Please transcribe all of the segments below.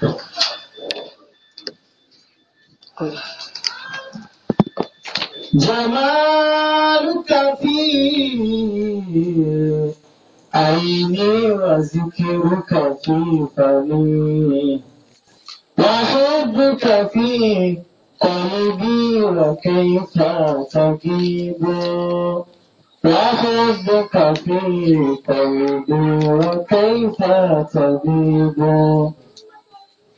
جمالك في عيني وذكرك في فمي وحبك في قلبي وكيف تجيب وحبك في قلبي وكيف تجيب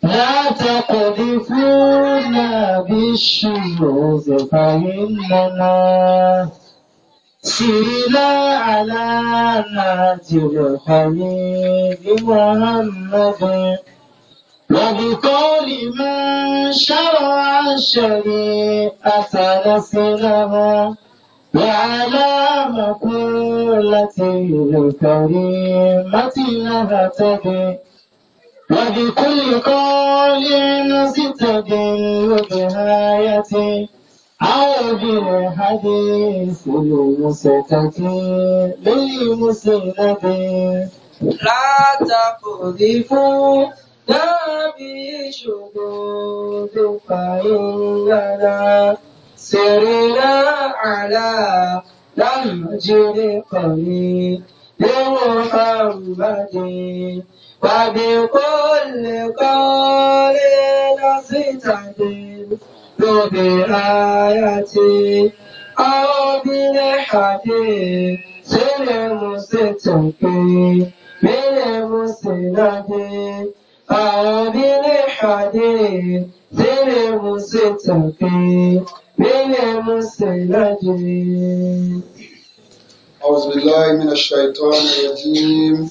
لا تقذفونا بالشموس فإننا سيرنا على نهج الحبيب محمد وبقول من شرع الشريعة نصلها وعلى مقولته الكريمة نهتدي وبكل قول ستدل بآيتي أو بالحديث المستقيم بالمسند لا تقذفوا دابي شذوذ فإننا سرنا على نهج قريب محمد وبكل قول نستدل بآية أو بالحديث المستقيم من المسند أو بالحديث المستقيم من المسند أعوذ بالله من الشيطان الرجيم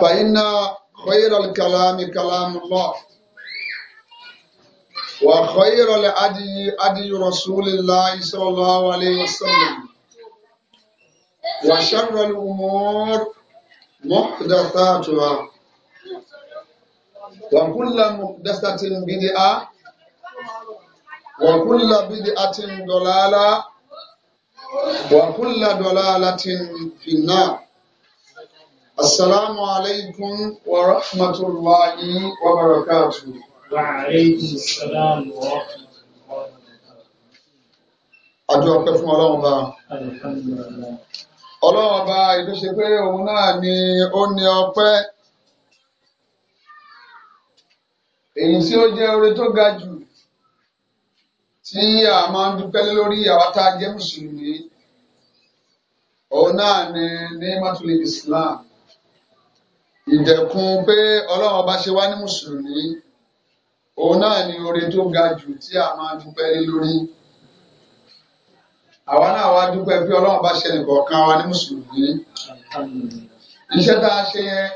فإن خير الكلام كلام الله وخير الأدي أدي رسول الله صلى الله عليه وسلم وشر الأمور محدثاتها وكل محدثة بدعة وكل بدعة ضلالة وكل ضلالة في النار Assalamu alaikum wa rahmatullahi wa barakatuh. Wa alaikum salam wa rahmatullahi wa barakatuh. Adúwà pẹ́ fún ọlọ́run bá. Ọlọ́run bá ìlú ṣe pé òun náà ni ó ní ọpẹ́. Èyí tí ó jẹ́ oore tó ga jù tí a máa ń dúpẹ́ lórí àwọn tá a jẹ́ Mùsùlùmí. Òun náà ni ní Mátúlì Ìsìláàmù ìdẹ̀kùn pé ọlọ́run ọba ṣe wá ní mùsùlùmí òun náà ni oore tó ga jù tí a máa dúpẹ́ lé lórí àwa náà wá dúpẹ́ bí ọlọ́run bá ṣe nìkan kan wa ní mùsùlùmí iṣẹ́ tá a ṣe yẹn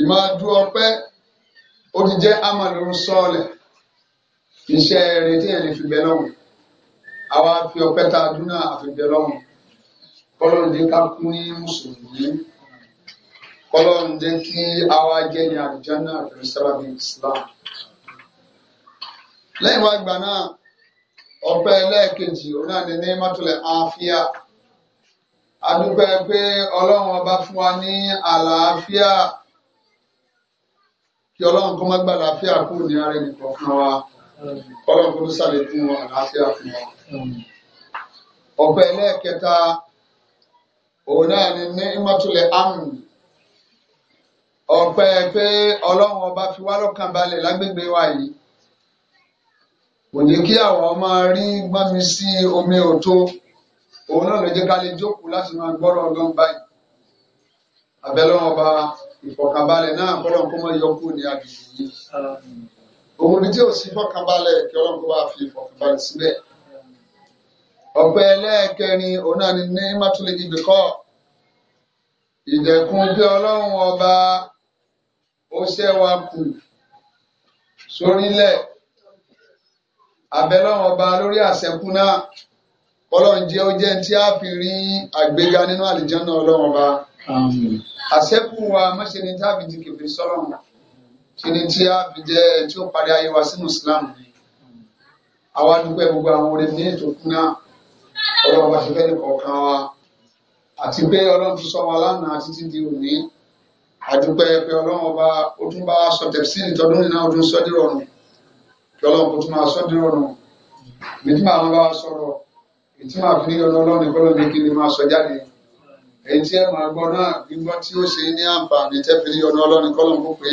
ìmọ̀ọ́dún ọpẹ́ ó ti jẹ́ amọ̀lórun sọ́ọ̀lẹ̀ iṣẹ́ eré tí lè fi bẹ lọ́wọ́ àwa fi ọpẹ́ tá a dún náà àfi bẹ lọ́wọ́ bọ́lọ́run ká kú ní mùsùlùmí kọ́lọ́n jẹ́ kí àwa jẹ́ ní àlùjánnà pẹ̀lú sábàbí Islam. lẹ́yìn wá gbà náà ọpẹ́ ẹlẹ́ẹ̀kejì òun náà ní ní àáfíà adúpẹ́ pé ọlọ́run ọba fún wa ní àlàáfíà kí ọlọ́run kó má gba àlàáfíà kúrò ní ara ẹnì kọ̀ọ̀kan wa ọlọ́run kó ló ṣàlékún wọn àlàáfíà fún wa. ọpẹ́ ẹlẹ́ẹ̀kẹta òun náà ní ní àmì ọpẹ́ pé ọlọ́run ọba fi wá lọ́kàn balẹ̀ lágbègbè wa yìí kò ní kí àwọn ọmọ rí gbọ́nmi sí omi òtó òun náà ló jẹ́ ká lè jókòó láti máa gbọ́rọ̀ ọdún báyìí abẹ́lọ́wọ́n ọba ìfọ̀kànbalẹ̀ náà kọ́lọ́n kó mọ́ yọkú ní agbègbè yìí òun ní tí ò sí fọ̀kànbalẹ̀ kí ọlọ́run kó bá fi ìfọ̀kànbalẹ̀ síbẹ̀ ọpẹ́ ẹlẹ́ẹ̀kẹrin òun náà ni ní mátúlẹ̀ ibìkọ́ ìdẹ̀kùn bí ọlọ́run ọba ó ṣẹ́ wa kù sórílẹ̀ abẹ́lọ́wọ́n ọba lórí àṣẹkù náà ọlọ́run jẹ́ ó a fi rí àgbéga nínú àlìjánná ọlọ́run ọba àṣẹkù wa mọ́ṣẹ́ ni a fi di kèfé sọ́lọ́run kí a fi jẹ́ tí ó parí ayé wa sínú Islam àwa dúpẹ́ gbogbo àwọn orin ọba ṣe fẹ́ ní kọ̀ọ̀kan wa àti pé ọlọ́run tún sọ wa lánàá títí àdúpẹ́ pé ọlọ́run ọba ó tún bá sọ tẹ̀síìnì tọdún nínú àwọn ọdún sọ́dí rọrùn kí ọlọ́run kó tún máa sọ́dí rọrùn èyí tí màá bá sọ̀rọ̀ èyí tí màá fi ní ọdún ọlọ́run ìkọlọ́ ní kí ni máa sọ jáde èyí tí ẹ máa gbọ́ náà gbígbọ́ tí ó ṣe ní àǹfààní tẹ́fì ní ọdún ọlọ́run ìkọlọ́ kó pé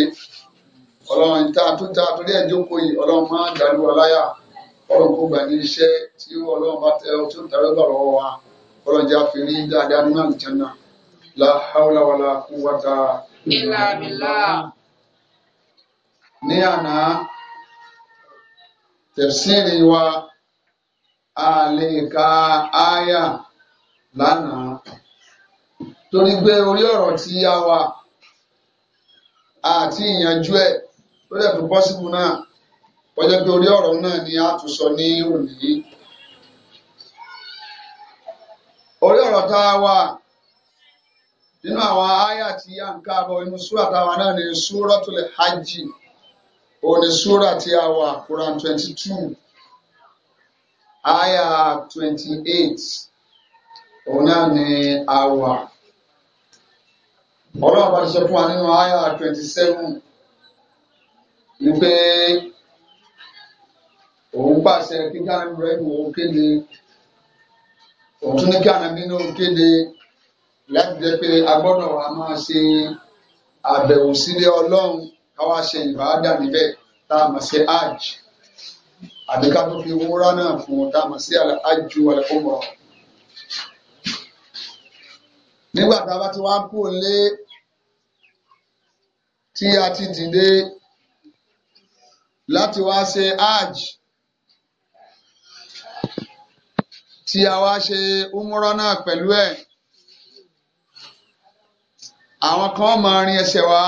ọlọ́run tá a tó ta torí ẹ̀ jókòó yìí ọlọ́run máa dàlú aláyà ọlọ́run kó gbà ní iṣẹ́ tí ọlọ́run bá tẹ ọ tó ń darí ọgbà lọ́wọ́ wa ọlọ́run jẹ́ àfihàn dáadáa nínú àlùjẹ́ náà la hawla wala quwwata ìlà bìlà. Ní àná, tẹ̀síìrì wa a lè ka áyà lánàá torí pé orí ọ̀rọ̀ tí yá wa àti ìyànjú ẹ̀ tó dẹ̀ fi pọ́sibú náà kọjá pé orí ọ̀rọ̀ náà ni a tún sọ ní òní. Orí ọ̀rọ̀ tá a wà. nínú àwọn àyà tí ya nka ká inú súrà táwa náà ní Suratul Hajj òun ní súrà tí a wà Quran twenty two àyà twenty eight òun náà ní a wà ọlọ́run bá ti sọ fún wa nínú twenty seven wípé òun pàṣẹ kí láti jẹ́ pé a gbọ́dọ̀ wa máa ṣe àbẹ̀wò sílé ọlọ́run káwá ṣe ìbáàdà níbẹ̀ tá a mọ̀ sí hajj àbí ká tó fi wúrà náà fún un tá a mọ̀ sí hajj al nígbà tá a bá ti wá kú lé tí a ti dìde láti wá ṣe hajj tí a wá ṣe umra náà pẹ̀lú ẹ̀ àwọn kan máa rin ẹsẹ̀ wa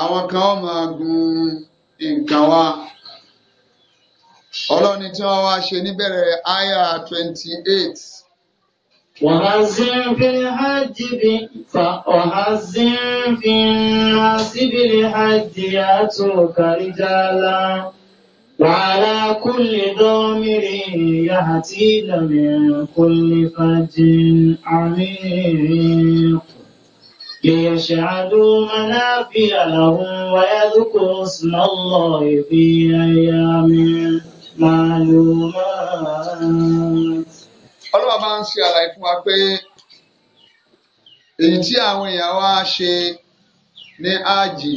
àwọn kan máa gun nǹkan wa ọlọ́ni tí wọ́n wá ṣe níbẹ̀rẹ̀ àyà twenty eight. وأذن في الحج وأذن في الناس بالحج يأتوك رجالا وعلى كل ضامر يأتين من كل فج عميق ليشهدوا منافع لهم ويذكروا اسم الله في أيام معلومات ọlọ́wọ́ bá ń ṣe àlàyé fún wa pé èyí tí àwọn èèyàn wa ṣe ní ájì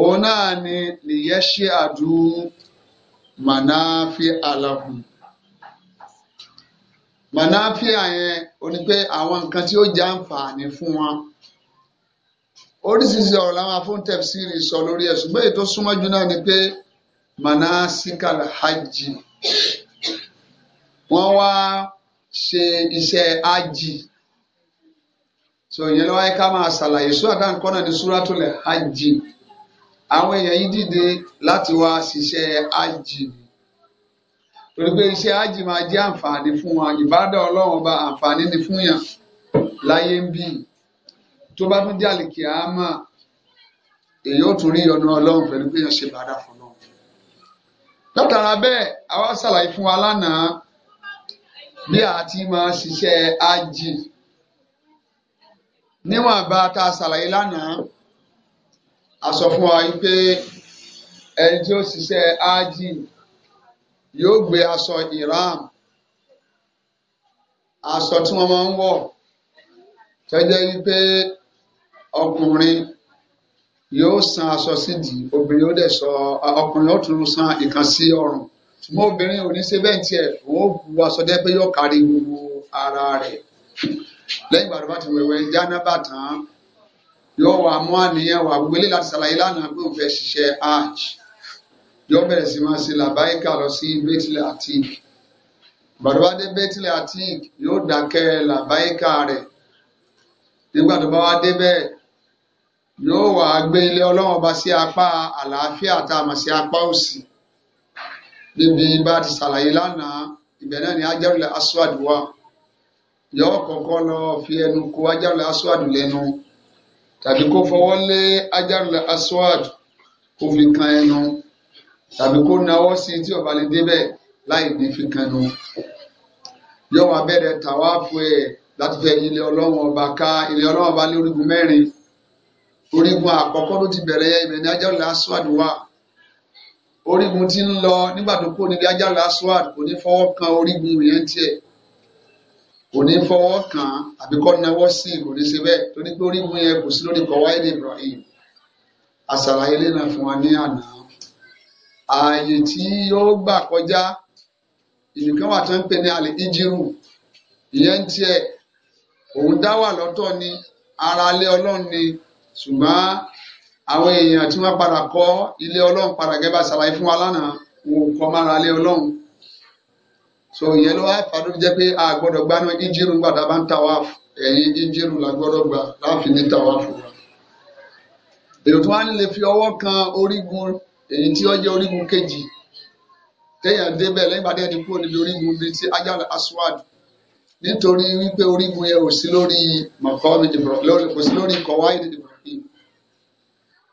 òun náà ni lìyẹ́ṣẹ́ àdúrà mànáfi àlàhùn. Mànáfíà yẹn o ní pé àwọn nǹkan tí ó jẹ́ àǹfààní fún wọn. Oríṣiríṣi ọ̀rọ̀ làwọn afúntẹ̀síìrì sọ lórí ẹ̀ ṣùgbọ́n èyí tó súnmọ́ jù náà ni pé manasikal hajj wọ́n wá ṣe iṣẹ́ hajj so ìyẹn lọ́wọ́ ká máa ṣàlàyé sùúrà tá à ń kọ́ náà ní sùúràtúlẹ̀ hajj àwọn èèyàn yìí dìde láti wá ṣiṣẹ́ hajj torí pé iṣẹ́ ájì máa jẹ́ àǹfààní fún wa ìbádọ́ ọlọ́run bá àǹfààní ni fún yàn láyé ń bì tó bá tún jàlè kí á mà èyí ó tún rí ọdún ọlọ́run pẹ̀lú pé yàn ṣe bàdà fún ọ. látara bẹ́ẹ̀ àwa ṣàlàyé fún wa lánàá bí a ti máa ṣiṣẹ́ ájì níwọ̀n bá tá ṣàlàyé lánàá a sọ fún wa pé ẹni tí ó ṣiṣẹ́ ájì yóò gbé aṣọ ìram aṣọ tí wọ́n máa ń wọ̀ tẹ́jẹ́ wípé ọkùnrin yóò san aṣọ sídìí obìnrin yóò dẹ̀ sọ ọkùnrin yóò tún san ìkan sí ọrùn ṣùgbọ́n obìnrin ò ní ṣe bẹ́ẹ̀ tiẹ̀ òun ó bu aṣọ dẹ́ pé yóò kárí gbogbo ara rẹ̀ lẹ́yìn ìgbà tó bá ti wẹ̀wẹ̀ jánábà tán yóò wà mú àníyàn wà gbélé láti ṣàlàyé lánàá pé òun fẹ́ yọ bẹ̀rẹ̀ sí máa ṣe làbáyíká lọ sí bẹ́tìlẹ̀ atik bàdúrà dé bẹ́tìlẹ̀ atik yóò dákẹ́ làbáyíká rẹ̀ nígbà tó bá wá débẹ̀ yóò wá gbé ilé ọlọ́run ọba sí apá àlàáfíà tá a mọ̀ sí apá òsì níbi bá ti ṣàlàyé lánàá ibẹ̀ náà ni ajárùlẹ̀ aswad wà yóò kọ́kọ́ lọ fi ẹnu kó ajárùlẹ̀ aswad lẹ́nu tàbí kó fọwọ́ lé ajárùlẹ̀ aswad kó fi kan ẹnu tàbí kó nawọ́ sí tí ọba lè débẹ̀ láì ní fi kanu yóò wá bẹ̀rẹ̀ tàwáàfù ẹ̀ láti fẹ́ ilé ọlọ́run ọba ká ilé ọlọ́run ọba lé orígun mẹ́rin orígun àkọ́kọ́ ló ti bẹ̀rẹ̀ yẹ ibẹ̀ ní ajáwìlá aswad wà orígun ti ń lọ nígbà tó kó níbi ajáwìlá aswad kò ní fọwọ́ kan orígun yẹn tiẹ̀ kò ní fọwọ́ kan àbí kọ́ nawọ́ sí kò ní ṣe bẹ́ẹ̀ torí pé orígun yẹn kò sí lórí kọ̀wá Ibrahim àṣàlàyé lẹ́nà fún wa ní àná ààyè tí yóò gbà kọjá ìlú kan wà tó ń pè ní àlè ìjírù ìyẹn tiẹ̀ òun dá wà lọ́tọ̀ ni ara ilé ọlọ́run ni ṣùgbọ́n àwọn èèyàn tí wọ́n padà kọ́ ilé ọlọ́run padà gẹ́gẹ́ ṣàlàyé fún wa lánàá wọn ò mára ilé ọlọ́run so ìyẹn ló wá ìfàdó jẹ́ pé a gbọ́dọ̀ gbaná ìjírù gbàdá bá ń ta wá ẹ̀yìn ìjírù la gbọ́dọ̀ gbà láàfin ní ta wá fún wa. èèyàn tó wá nílé fi ọwọ́ kan orígun èyí tí ó kejì téèyàn débẹ̀ lẹ́yìn ti kúrò níbi orígun bíi ti ajal aswad nítorí wípé orígun yẹn ò sí lórí lórí kò lórí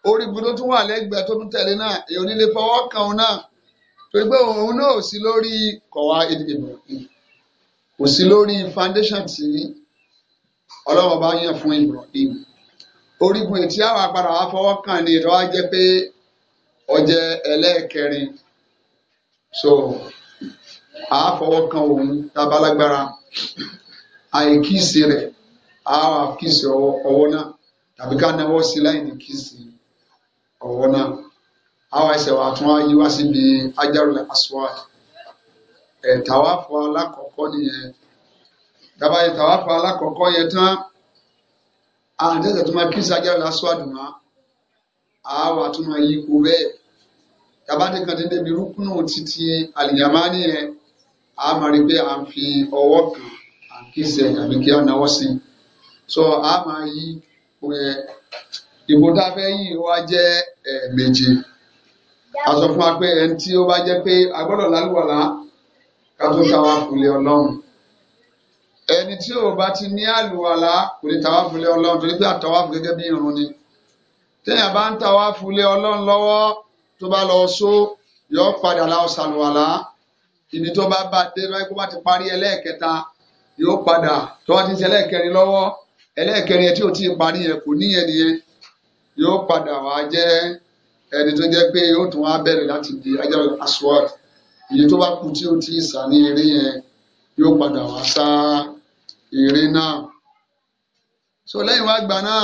orígun tó tún wà lẹ́gbẹ̀ẹ́ tó tún tẹ̀lé náà èyí ò ní lè fọwọ́ kan òun náà lórí kò sí lórí foundation tí ọlọ́wọ́ bá fún orígun ètí àwọn agbára wa fọwọ́ kan ni ó jẹ́ ẹlẹ́ẹ̀kẹrin so a fọwọ́ kan òun tábàlágbára àìkíìsì rẹ̀ a wà kíìsì ọwọ́ náà tàbí ká náwó sí láìní kíìsì ọwọ́ náà a wà ẹsẹ̀ wà tún yí wá síbi ajárùlẹ̀ aswad ẹ̀ tàwáfù alákọ̀ọ́kọ́ nìyẹn tabaye tàwáfù alákọ̀ọ́kọ́ yẹn tán àǹtẹ̀tẹ̀ tó máa kíìsì ajárùlẹ̀ aswad náà a wà tún yí kú bẹ́ẹ̀ tabade kan ti débi rúkúnù títí àlìyàmánì yẹn a máa rí pé à kan à ń kí sẹ so a máa yí ìbò tá a fẹ́ yí wa jẹ́ ẹ̀ẹ̀mejì a sọ fún wa pé ẹni tí ó bá jẹ́ pé a gbọ́dọ̀ lálùwàlá ká tó ta wá fúnlé ẹni tí ò bá ti ní àlùwàlá kò lè ta wá fúnlé torí pé àtàwá fún bí irun ni téèyàn bá ń ta wá fúnlé ọlọ́run tó bá lọ só yọ padà lọ sàlùwàlá ìní tó bá bá dé lọ́wọ́ kó bá ti parí ẹlẹ́ẹ̀kẹta yóò padà tó bá ti ṣe ẹlẹ́ẹ̀kẹrin lọ́wọ́ ẹlẹ́ẹ̀kẹrin yẹn tí ò tí ì parí yẹn kò níyẹn nìyẹn yóò padà wá jẹ́ ẹni tó jẹ́ pé yóò tún wá bẹ̀rẹ̀ láti di ajáwé aswad ìyẹn tó bá kú tí ò tí ì sá ní eré yẹn yóò padà wá sá eré náà. so lẹ́yìn wá gbà náà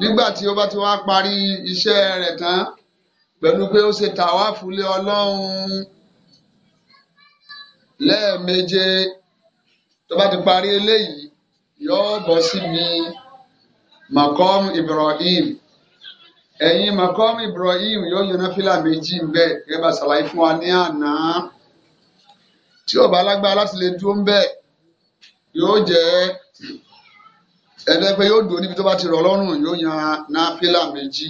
nígbà tí ó bá ti wá parí iṣẹ́ rẹ̀ tán pẹ̀lú pé ó ṣe tàwáfù lé Ọlọ́run lẹ́ẹ̀meje tó bá ti parí eléyìí yóò bọ́ síbi makom Ibrahim ẹ̀yìn makom Ibrahim yóò yan náfìlà méjì ń bẹ̀ gẹ́gẹ́ bá ṣàlàyé fún wa ní àná tí ò bá lágbára láti lè dúró ń yóò jẹ́ ẹ̀ẹ́dẹ́gbẹ́ yóò dúró níbi tó bá ti rọ̀ lọ́rùn yóò yan náfìlà méjì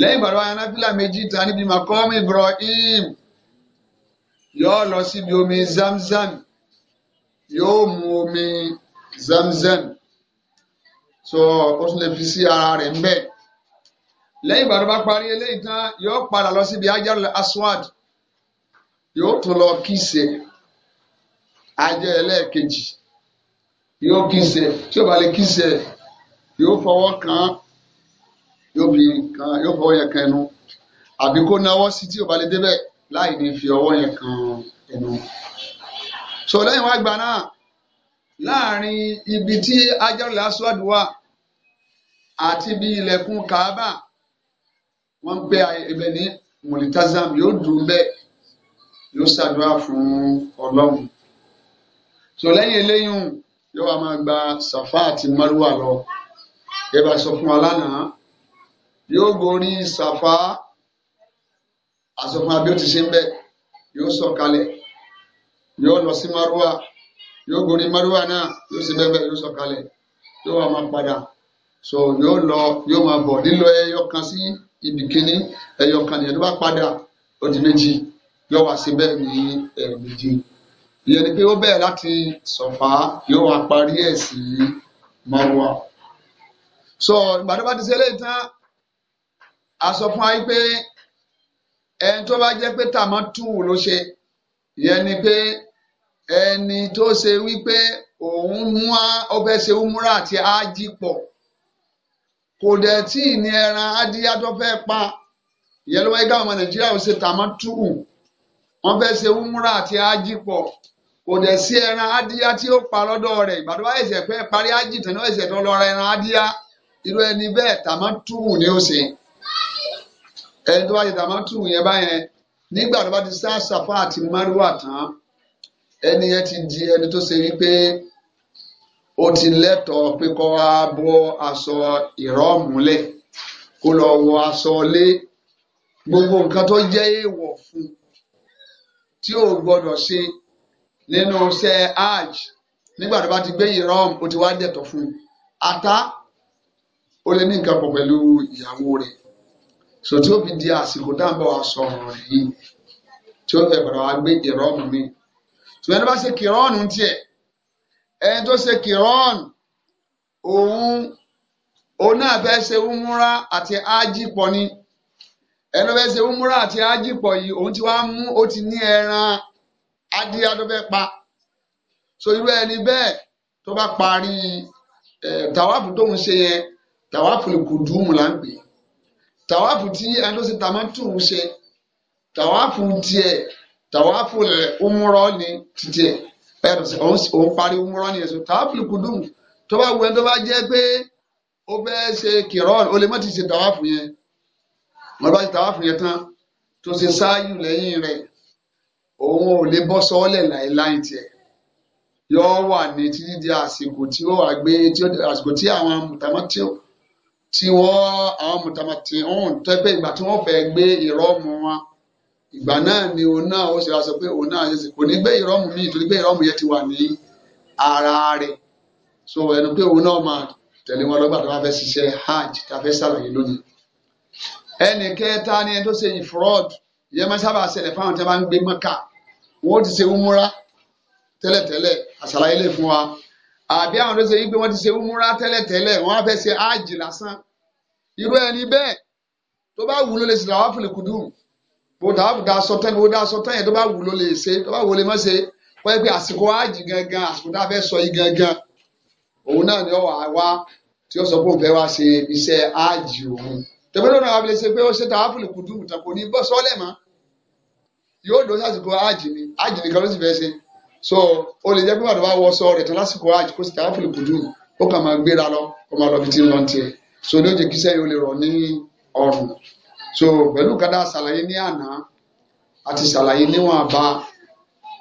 lẹ́yìn ìgbàlọ́ anábílà méjì ta níbi makom Ibrahim yóò lọ síbi omi Zamzam yóò mu omi Zamzam so ó tún lè fi sí ara rẹ̀ ń bẹ́ẹ̀ lẹ́yìn ìgbà tó bá parí eléyìí tán yóò padà lọ síbi Hajar Aswad yóò tún lọ kíṣe ajẹ́ ẹlẹ́ẹ̀kejì yóò kíṣe tí ó bá lè kíṣe yóò fọwọ́ kàn án yóò fi nǹkan yóò fọwọ́ yẹn kan ẹnu àbí kó náwó sí tí ò bá lè débẹ̀ láì ní fi ọwọ́ yẹn kan ẹnu. sọ lẹ́yìn wá gbà náà láàrin ibi tí ajáròlá aṣọ́àdù wà àti ibi ilẹ̀kùn kaaba wọ́n ń gbé ibẹ̀ ní mọ̀lítàzam yóò dùn bẹ́ẹ̀ yóò ṣàdúrà fún ọlọ́run. sọ lẹ́yìn eléyìí yóò wá máa gba sàfà àti márùwà lọ ẹ bá sọ fún wa lánàá yóò gorí sàfá àsọfún abẹ́ ti ṣe ń bẹ̀ yóò sọ̀kalẹ̀ yóò lọ sí márúwà yóò gorí márúwà náà yóò ṣe bẹ́ẹ̀ bẹ́ẹ̀ yóò sọ̀kalẹ̀ yóò wà máa padà so yóò lọ yóò máa bọ̀ lílọ ẹyọ kan sí ibi kíní ẹyọ kan nìyẹn tó bá padà ó méjì yóò wá sí bẹ́ẹ̀ ní ẹ̀ẹ̀mejì ìyẹn ni pé ó bẹ̀rẹ̀ láti sọ̀fà yóò wá parí ẹ̀ sí márúwà so ìgbà tó bá ti ṣe eléyìí tán a sọ fún wa pé ẹni tó bá jẹ́ pé tàmọ́ tún wò ló ṣe ìyẹn ni pé ẹni tó ṣe wípé òun mú ọbẹ̀ ṣe umura àti ájì pọ̀ kò dẹ̀ tí ì ní ẹran adíyá tó fẹ́ pa ìyẹn ló wáyé káwọn ọmọ nàìjíríà ó ṣe tàmọ́ tún wù fẹ́ ṣe umura àti ájì pọ̀ kò dẹ̀ sí ẹran adíyá tí ó pa lọ́dọ̀ rẹ̀ ìgbà tó bá ẹ̀sẹ̀ fẹ́ parí ájì tán ní ẹ̀sẹ̀ tó lọ ẹran adíyá irú ẹni bẹ́ẹ̀ tàmọ́ tún wù ni ó ṣe ẹni tó bá ṣe tàmátù yẹn báyẹn nígbà tó bá ti sá Safa àti Marwa tán ẹni yẹn ti di ẹni tó ṣe wípé ó ti lẹ́tọ̀ọ́ pé kọ́ wá bọ́ aṣọ ìrọ́mùlẹ̀ kó lọ wọ aṣọ lé gbogbo nǹkan tó jẹ́ èèwọ̀ fún tí ò gbọ́dọ̀ ṣe nínú iṣẹ́ hajj nígbà tó bá ti gbé ìrọ́m ó ti wá dẹ̀tọ̀ fún ata ó lè ní nǹkan pọ̀ pẹ̀lú ìyàwó rẹ̀ so tí ó fi di àsìkò dáńbọ̀ wa sọ ọ̀rọ̀ rẹ̀ yìí tí ó fẹ́ padà wá gbé kìrọ́ọ̀nù mi tí wọ́n bá ṣe kìrọ́ọ̀nù tiẹ̀ ẹni tó ṣe kìrọ́ọ̀nù òun òun náà fẹ́ ṣe umura àti ájì pọ̀ ni ẹni tó fẹ́ ṣe umura àti ájì pọ̀ yìí òun ti wá mú ó ti ní ẹran adìyẹ tó fẹ́ pa so irú ẹni bẹ́ẹ̀ tó bá parí ẹ̀ tàwáfù tóun ṣe yẹn tàwáfù ìkùdùmù là ń pè tàwáàfù tí ẹni tó ṣe tàmátù ń ṣe tàwáàfù tiẹ̀ tàwáàfù rẹ̀ umrọ́ ni tiẹ̀ ẹ̀rọ òun parí umrọ́ ni èso tàwáàfù kùdùm tó bá wù ẹni tó bá jẹ́ pé ó fẹ́ ṣe kìrọ́ọ̀n ó lè má ti ṣe tàwáàfù yẹn wọ́n bá ṣe tàwáàfù yẹn tán tó ṣe sááyù lẹ́yìn rẹ̀ òun ò lè bọ́ sọ́ọ́lẹ̀ láìláì tiẹ̀ yọ wà ní títí di àsìkò tí ó wà gbé àsìkò tí àwọn mùtàmọ́tíò tí wọ́n àwọn mùtàmàtì ọ̀hún tẹ́gbẹ́ ìgbà tí wọ́n fẹ́ gbé ìrọ́mù wọn ìgbà náà ni òun náà ó ṣe wá sọ pé òun náà ṣe kò ní gbé ìrọ́mù míì torí pé ìrọ́mù yẹn ti wà ní ara rẹ̀ so ẹnu pé òun náà máa tẹ̀lé wọn lọ́gbà tó bá fẹ́ ṣiṣẹ́ hajj tá a fẹ́ ṣàlàyé lónìí. ẹnì kẹta ni ẹni tó ṣe ìfúrọ́ọ̀dù ìyẹn máa sábà ṣẹlẹ̀ fáwọn tí wọ́n bá ń gbé mọ́kà wọ́n ti ṣe umura tẹ́lẹ̀tẹ́lẹ̀ àṣàlàyé lè fún wa àbí àwọn tó ṣe yí pé wọ́n ti ṣe umura tẹ́lẹ̀tẹ́lẹ̀ wọ́n á fẹ́ ṣe áàjì lásán irú ẹni bẹ́ẹ̀ tó bá wù ló lè ṣe tàwáfù lè kùdùn bó tàwáfù dá aṣọ tán ni bó dá aṣọ tán yẹn tó bá wù ló lè ṣe tó bá wù lè má ṣe wọ́n yẹ pé àsìkò áàjì gangan àsìkò tá a fẹ́ sọ yìí gangan òun náà ni ó wà wá tí ó sọ pé òun fẹ́ wá ṣe iṣẹ́ áàjì òun tẹ̀wé lónà wà fi lè ṣe pé ó so o lè jẹ́ pé bàtà bá wọ sọ rẹ̀ tán lásìkò àjò kó sì tà á fìlì kùdù ó kàn máa gbéra lọ kó máa lọ fi ti ń lọ tiẹ̀ so ní oṣù kìsẹ́ yìí ó lè rọ̀ ní ọrùn so pẹ̀lú kádà ṣàlàyé ní àná àti ṣàlàyé níwọ̀n bá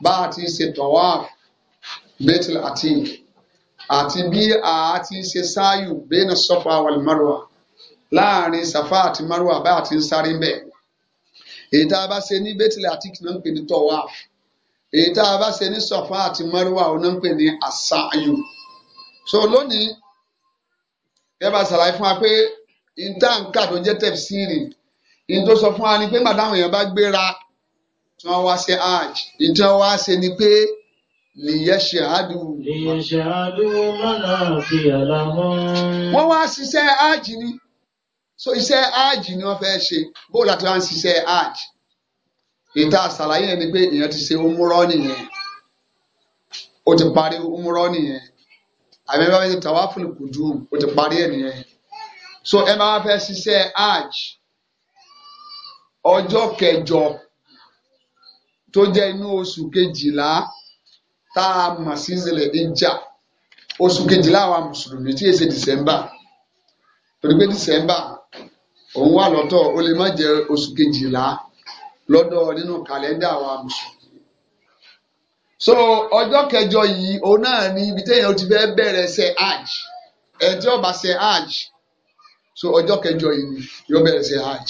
bá a ti ṣe tawaf betel àti àti bí a ti ṣe sáyù bẹ́ẹ̀nà Safa wal Marwa láàrin Safa àti Marwa bá a ti ń sáré mbẹ́ èyí tá a bá ṣe ní betel àti kìnnà ń pè ní tawaf èyí tá a bá ṣe ní sọ̀fà àti mọ́rúwà ọ̀nà ń pè ní àṣàyò so lónìí ẹ bá ṣàlàyé fún wa pé ìtànkà tó jẹ́ tẹ̀síìrì ní tó sọ fún wa ni pé màdá àwọn èèyàn bá gbéra tí wọ́n wá ṣe hajj ní tí wọ́n wá ṣe ni pé lìyẹ̀ṣẹ̀ àdù. lìyẹ̀ṣẹ̀ àdù mọ́nà àti àlámọ́. wọ́n wá ṣiṣẹ́ hajj ni so iṣẹ́ hajj ni wọ́n fẹ́ ṣe bó láti wá ṣiṣẹ́ hajj ìta àṣàlàyé ni pé èèyàn ti ṣe umurọ nìyẹn ó ti parí umurọ nìyẹn àmì ẹ bá fẹ́ ṣe tawaful kudum ó ti parí ẹ̀ nìyẹn so ẹ bá fẹ́ ṣiṣẹ́ hajj ọjọ́ kẹjọ tó jẹ́ inú oṣù kejìlá tá a mọ̀ sí ìṣẹ̀lẹ̀ ìjà oṣù kejìlá àwọn mùsùlùmí tí èsè dìsẹ́mbà torí pé dìsẹ́mbà òun wà lọ́tọ̀ ó lè má jẹ́ oṣù kejìlá lọ́dọ̀ nínú kàlẹ́ndà wa mùsùlùmí. so ọjọ́ kẹjọ yìí òun náà ni ibi téèyàn ti fẹ́ bẹ̀rẹ̀ ṣe hajj ẹ̀ tí ṣe hajj so ọjọ́ kẹjọ yìí ni yóò bẹ̀rẹ̀ ṣe hajj.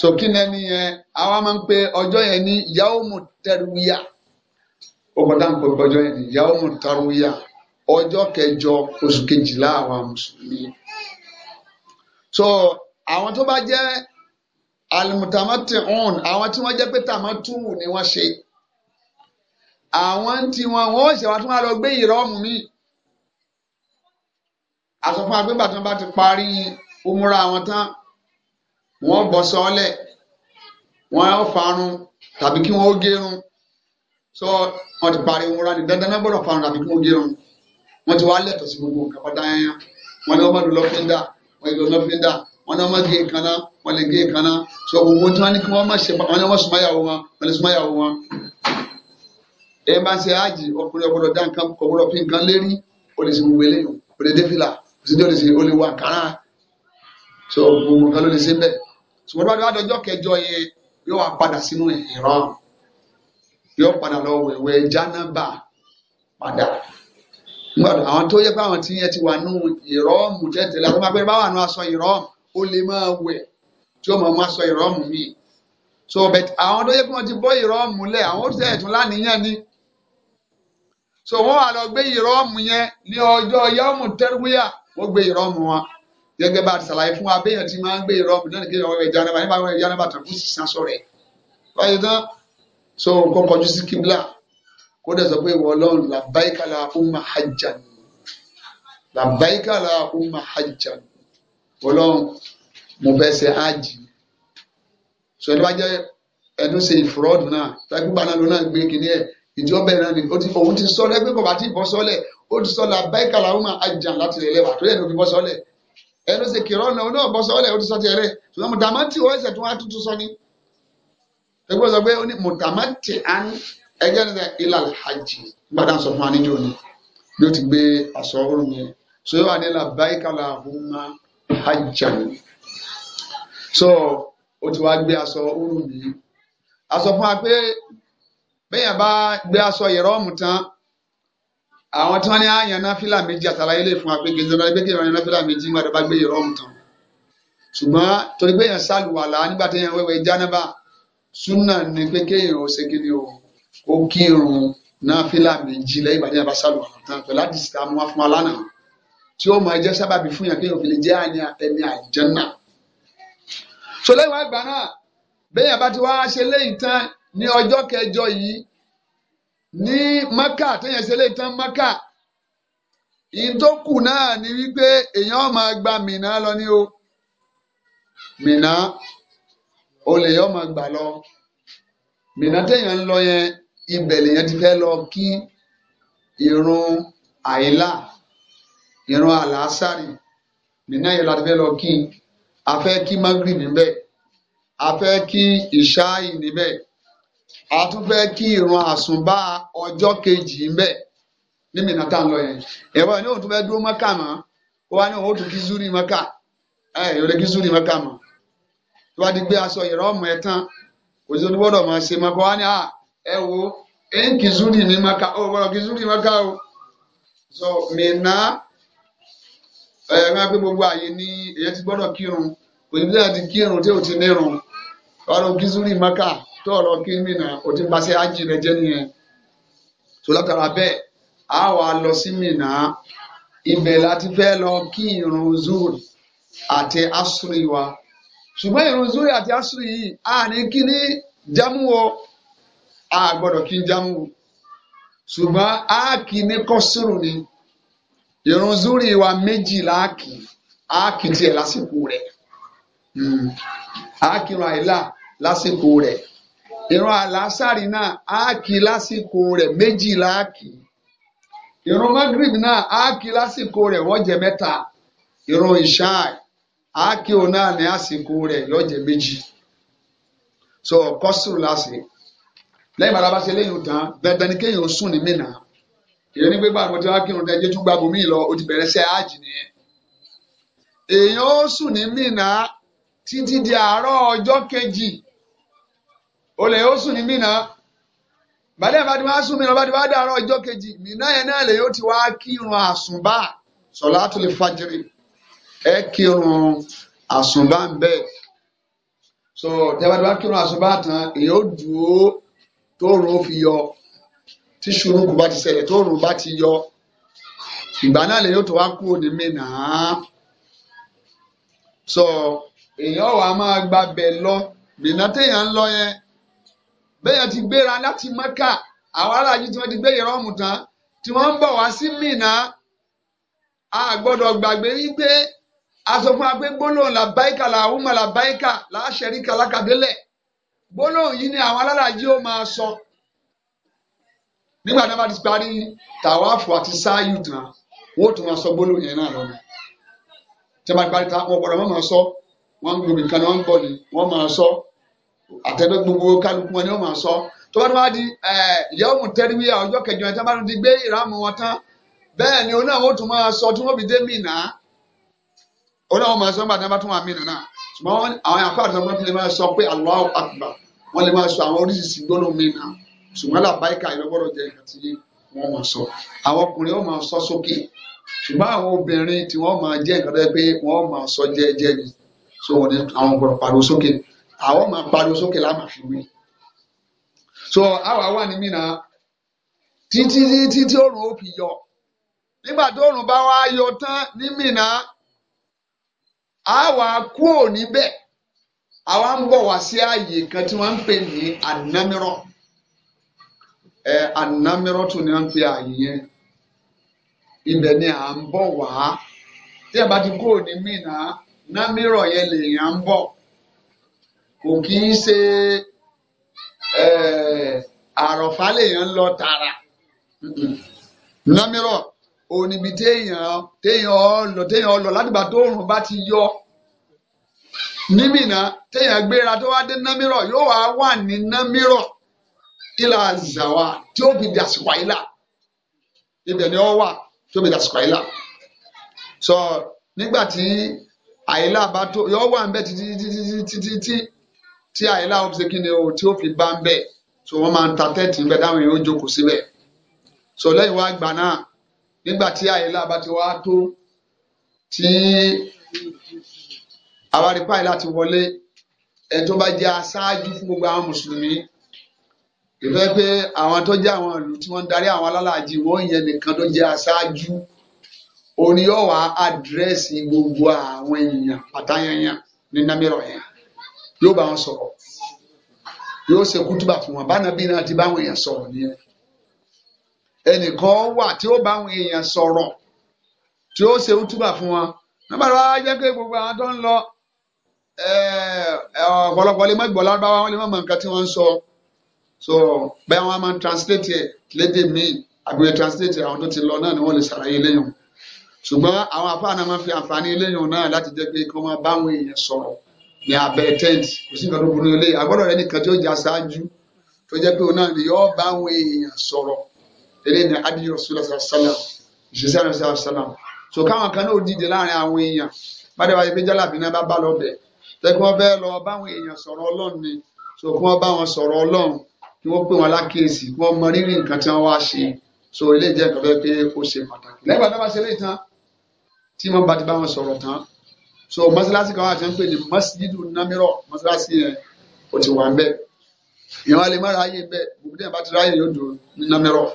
so kí ni ẹni yẹn àwa máa ń pe ọjọ́ yẹn ní yaumu tarwiya ọgbọ́dá ń pe ọjọ́ yẹn ní yaumu tarwiya ọjọ́ kẹjọ oṣù kejìlá àwa mùsùlùmí. so àwọn tó bá jẹ́ alimutamatiun àwọn tí wọ́n jẹ́ pé tamatuun ni wọ́n ṣe àwọn tí wọn wọ́n ṣe wá tí wọ́n lọ gbé ìrọ́ọ̀mù mi àsọfún agbégbà tí wọ́n bá ti parí umura àwọn tán wọ́n bọ́ sọ́ọ́lẹ̀ wọ́n á farun tàbí kí wọ́n ó gérun sọ wọ́n ti parí umura ni, dandan náà gbọ́dọ̀ farun tàbí kí wọ́n ó gérun wọ́n ti wá lẹ́tọ̀ọ́ sí gbogbo nǹkan yẹn wọ́n ní wọ́n bá lọ lọ́fíńdà wọ́n ti lọ lọ́fíńdà wọn náà má gé kaná wọn lè gé kaná sọ gbogbo tí wọn ní kí wọn má ṣe wọn ní wọn sùmáyàwó wọn wọn lè sùmáyàwó wọn. ẹ bá ṣe ájì ọkùnrin ọgbọdọ dá nǹkan ọgbọdọ fi nǹkan lérí o lè ṣe gbogbo eléyìí o lè dé fìlà o sì dé o lè ṣe o lè wọ àǹkárá sọ gbogbo nǹkan ló lè ṣe bẹ́ẹ̀ ṣùgbọ́n bá dọ́jọ́ dọ́jọ́ kẹjọ yẹn yóò wá padà sínú ìran yóò padà lọ wẹ̀wẹ̀ jánábà padà àwọn tó yẹ pé àwọn tí yẹn ti wà nù ìrọ́ọ̀mù tẹ́tẹ̀lẹ́ àwọn máa gbé báwọn àna aṣọ ìrọ́ọ̀mù ó lè máa wẹ̀ tí ó máa máa sọ ìrọ́mù mi so but àwọn tó yẹ kí wọ́n ti bọ́ ìrọ́mù lẹ̀ àwọn ó sẹ̀ tún láníyàn ni so wọ́n wà lọ gbé ìrọ́mù yẹn ní ọjọ́ yọ́mù tẹ́rúwíyà wọ́n gbé ìrọ́mù wọn gẹ́gẹ́ bá a ti ṣàlàyé fún wa béèyàn ti máa ń gbé ìrọ́mù náà nìkan ìwọ̀n ìjà náà nípa ìwọ̀n ìjà náà tó kù sísan sọ̀rọ̀ ẹ̀ báyìí tán so nǹkan kọjú sí kíbla kó dẹ̀ sọ pé ìwọ ọlọ́run làbáyíkàlà umma hajjan làbáyíkàlà umma ọlọ́run mo fẹ́ ṣe hajj sọ ẹni bá jẹ́ ẹnu ṣe ìfúrọ́ọ̀dù náà tàbígbà náà ló náà gbé kínní ẹ̀ ìjọ bẹ́ẹ̀ náà ni ó ti fòun ti sọ lẹ́gbẹ́ kọ̀ bá ti bọ́ sọ́lẹ̀ ó ti sọ la báyìí kàlà ó máa ajàn láti lè lẹ́wà tó yẹ ló fi bọ́ sọ́lẹ̀ ẹnu ṣe kìrọ́ náà ó náà bọ́ sọ́lẹ̀ ó ti sọ ti ẹ̀rẹ́ ṣùgbọ́n mùtàmátì ó ẹsẹ̀ tó wá tuntun sọ ni ẹgbẹ́ sọ pé ó ní mùtàmátì án ẹjẹ́ ní ilà hajj gbọ́dọ̀ sọ fún wa ni bí ó ti gbé àṣọ orun yẹn so yóò wà ní la báyìí kàlà máa hajjan so ó ti wá gbé aṣọ òrùn yìí aṣọ fún wa pé bẹ́yàn bá gbé aṣọ ìrọ́ọ̀mù tán àwọn tí wọ́n ní àyàn náà fílà méjì àtàlà ilé fún wa pé kí n sọ́dọ̀ ẹgbẹ́ kí ìrọ̀yàn náà fílà méjì nígbà tó bá gbé ìrọ́ọ̀mù tán ṣùgbọ́n torí pé èèyàn ṣàlùwàlà nígbà tí èèyàn wẹ̀wẹ̀ jánábà súnà ni pé kéèyàn ó ṣe kí o ó kírun náà fílà méjì lẹ́yìn ìgbà tí èèyàn tán pẹ̀lú àdìsí tá a mú wá fún wa lánàá tí ó mọ ẹjẹ́ sábàbí fún yàn kéèyàn fi lè jẹ́ àní ẹni àlìjẹ́nà. so lẹ́yìn wá gbà náà bẹ́yìn bá ti wá ṣe léyìí tán ní ọjọ́ kẹjọ yìí ní maka tẹ́yìn ṣe léyìí tán maka ìdókù náà ni wípé èèyàn máa gba mìnà lọ ní o mìnà olè yọ máa gbà lọ mìnà tẹ́yìn ń lọ yẹn ibẹ̀ lèyàn ti fẹ́ lọ kí irun àìlà ìran àlàásàrì nínú yẹn láti lọ kí n a fẹ́ kí magri a fẹ́ kí ìṣáì níbẹ̀ a tún fẹ́ kí ìran àsùnbà ọjọ́ kejì níbẹ̀ ní Mínà tá à ń lọ yẹn ní tún dúró maka mọ́ ó wá ní òun ó kí zúrì mọ́kà ẹ̀ ẹ̀ ìrọ̀lẹ́ kí gbé aṣọ ọmọ tán wá ní o ẹ máa gbé gbogbo ààyè ní èyẹ ti gbọ́dọ̀ kírun kò ní bíyà ti kírun tí ò ti nírun ọrùn kìsúrì maka tó ọ̀rọ̀ kírímìnà ò ti pàṣẹ ájì rẹ jẹ́ nìyẹn tó látara bẹ́ẹ̀ a wà lọ sí Mínà ibẹ̀ láti fẹ́ lọ kí irun zuri àti asuri wa ṣùgbọ́n irun zuri àti asuri yìí a ní kí ní jámù o a gbọ́dọ̀ kí jámù ṣùgbọ́n a kì ní kọ́sùrù ni ìrun zúrì wa méjì láàkì áàkì tiẹ̀ lásìkò rẹ̀ hmm. áàkìrun àìlà lásìkò rẹ̀ ìrun àlásàrì náà áàkì lásìkò rẹ̀ méjì láàkì ìrun magrib náà áàkì lásìkò rẹ̀ wọ́n jẹ́ mẹ́ta ìrun ìṣáì áàkì òun náà ní àsìkò rẹ̀ yóò méjì so kọ́sùrù láṣẹ lẹ́yìn bàbá bá ṣe léyìn tán dandan ni kéèyàn sùn ní mìíràn ìyẹn ní pé báyìí mo ti wá kírun tẹ́jú tún gbàgbọ́ mí lọ o ti bẹ̀rẹ̀ sẹ́ ájì nìyẹn. èèyàn ó sùn ní Mínà títí di àárọ̀ ọjọ́ kejì olè ó sùn ní Mínà bàdé àbádé wá sùn Mínà bàdé wá dàárọ̀ ọjọ́ kejì Mínà yẹn náà lè yóò ti wá kírun àsùnbà sọ̀látùl fàjìrì ẹ kírun àsùnbà ń bẹ́ẹ̀ so tẹ́wàá tí wá kírun àsùnbà tán èèyàn ó dùn ó tó rùn ó fi yọ tí ṣùrùkù bá ti ṣẹlẹ̀ tó rùn bá ti yọ ìgbà náà lè yóò tó wá kúrò ní Mínà sọ èèyàn wà á máa gba bẹ̀ lọ Mínà téèyàn ń lọ yẹn bẹ́ẹ̀ ti gbéra láti Mẹ́kà àwọn aráàlú tí wọ́n ti gbé yẹ̀rọ ọ̀mù tán tí wọ́n ń bọ̀ wá sí Mínà a gbọ́dọ̀ gbàgbé wípé a fún wa pé gbólóhùn làbáìkà làwùmọ̀ làbáìkà láṣẹ̀ríkà lákàdélẹ̀ gbólóhùn yìí ni àwọn aláàjì ó máa sọ. So nígbà tí wọ́n bá ti parí tàwáàfù àti sáyù tán wọ́n tún máa sọ gbólóhùn yẹn náà lọ́nà tí wọ́n bá ti parí tàwọn ọ̀pọ̀lọpọ̀ máa sọ wọ́n ń gbòmìn kan ni wọ́n ń bọ̀ ni wọ́n máa sọ àtẹ̀gbẹ́ gbogbo kálukú wọn ni wọ́n máa sọ tó bá ti máa di ìyàwó tẹ́lifíà ọjọ́ kẹjọ ẹ̀ tí wọ́n bá ti gbé ìrámù wọn tán bẹ́ẹ̀ ni oní àwọn tún máa sọ tí wọ́n fi dé Mínà oní àwọn máa sọ nígbà tí wọ́n bá tún wà Mínà náà ṣùgbọ́n àwọn àpá àti ọmọ ṣùgbọ́n làbáyíkà yìí lọ́gbọ́dọ̀ jẹ́ nǹkan tí wọ́n máa sọ àwọn ọkùnrin wọ́n máa sọ sókè ṣùgbọ́n àwọn obìnrin tí wọ́n máa jẹ́ nǹkan tó pé wọ́n máa sọ jẹ́ẹ́jẹ́ ni so wọ́n ní àwọn gbọ́dọ̀ pariwo sókè àwọn máa pariwo sókè láàmà fi wí. so àwa wà ní mìíràn títí títí tí òòrùn ó fi yọ nígbà tó òòrùn bá wá yọ tán ní mìíràn àwa kúò níbẹ̀ àwa ń bọ̀ wá sí ààyè kan tí wọ́n ń pè ní ànámíràn ẹ anamírọ́tù ni wọ́n ń pe ààyè yẹn ibẹ̀ ni à ń bọ̀ wá tí ẹ bá ti kúrò ní Mínà námírọ̀ yẹn lèèyàn ń bọ̀ kò kì í ṣe àròfá lèèyàn ń lọ tààrà námírọ̀ òun ibi téèyàn téèyàn lọ téèyàn lọ látìgbà tó òòrùn bá ti yọ ní Mínà téèyàn gbéra tó wá dé námírọ̀ yóò wá wà ní námírọ̀ ilà zàwà tí ó fi di àsìkò àyílà ibẹ̀ ni ó wà tí ó fi di àsìkò àyílà sọ nígbà tí àyílà bá tó yọ wà ń bẹ títí tí tí ó fi ṣe kí ni o tí ó fi bá ń bẹ so wọ́n máa ń ta tẹ́ẹ̀tì ńbẹ dáhùn yìí ó jókòó síbẹ̀ so lẹ́yìn wá gbà náà nígbà tí àyílà bá ti wá tó tí àwárí pààyè láti wọlé ẹ̀ tó bá jẹ́ aṣáájú fún gbogbo àwọn mùsùlùmí ìfẹ́ pé àwọn tó jẹ́ àwọn ìlú tí wọ́n ń darí àwọn alálàájì wọ́n yẹn nìkan tó jẹ́ aṣáájú òní yóò wá àdírẹ́sì gbogbo àwọn èèyàn pàtàyànyàn ní námírọ̀ yẹn yóò bá wọn sọ̀rọ̀ yóò ṣe kútùbà fún wọn báná bí náà ti báwọn èèyàn sọ̀rọ̀ nìyẹn ẹnìkan wà tí ó báwọn èèyàn sọ̀rọ̀ tí ó ṣe kútùbà fún wọn nígbà tó jẹ́ pé gbogbo àwọn tó ń lọ ọ̀pọ̀lọpọ̀ lè má gbọ́ lárúbáwá wọn lè má nǹkan tí wọ́n ń sọ so bẹ́ẹ̀ wọ́n máa ń translate ẹ̀ lédè míì àbí wọ́n translate àwọn tó ti lọ náà ni wọ́n lè ṣàlàyé léyìn ṣùgbọ́n àwọn afáà náà máa ń fi àǹfààní léyìn náà láti jẹ́ pé kí wọ́n máa bá àwọn èèyàn sọ̀rọ̀ ní abẹ́ tẹ́ǹtì kò sí nǹkan tó burú lé àgbọ́dọ̀ rẹ nìkan tí ó jà ṣáájú tó jẹ́ pé òun náà ni yọ́ọ́ bá àwọn èèyàn sọ̀rọ̀ eré ní so káwọn kan náà díje láàrin àwọn èèyàn bàdé wáyé pé jálàbí náà bá bá lọ bẹ̀ tẹ́kí wọ́n fẹ́ lọ báwọn èèyàn sọ̀rọ̀ ọlọ́run ni so kí wọ́n bá wọn sọ̀rọ̀ ọlọ́run wọ́n pè wọn lákèésì kí wọ́n mọ rírì nǹkan tí wọ́n wá ṣe so ilé jẹ́ nǹkan fẹ́ pé ó ṣe pàtàkì lẹ́yìn ìgbà tó bá ṣe lé tán tí wọ́n bá ti bá wọn sọ̀rọ̀ tán so mọ́ṣáláṣí kan wà tí wọ́n pè ní mọ́ṣídìdù námírọ̀ mọ́ṣáláṣí yẹn ó ti wà ń bẹ̀ ìyẹn wà lè má ráyè bẹ́ẹ̀ gbogbo dẹ́yìn bá ti ráyè yóò dùn ní námírọ̀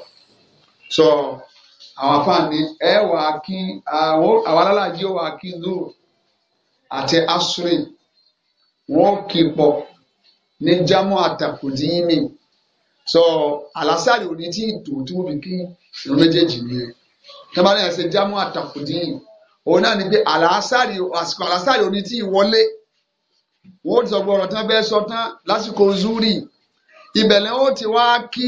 so àwọn afáàní ẹ wà kí àwọn alálàájì ó wà kí lóò àti asrin wọn kì í pọ̀ ní jámọ́ àtàkùn dín ní so àlásàrì ò ní tí ì tó tí wọ́n fi kí ìrun méjèèjì nìyẹn tẹ́lẹ̀ náà ṣe jámọ́ àtàkùdín òun náà ni pé àlásàrì àsìkò àlásàrì ò ní tí ì wọlé wọ́n ti sọ pé ọ̀rọ̀ tán fẹ́ sọ tán lásìkò zuri ibẹ̀ ni wọ́n ti wá kí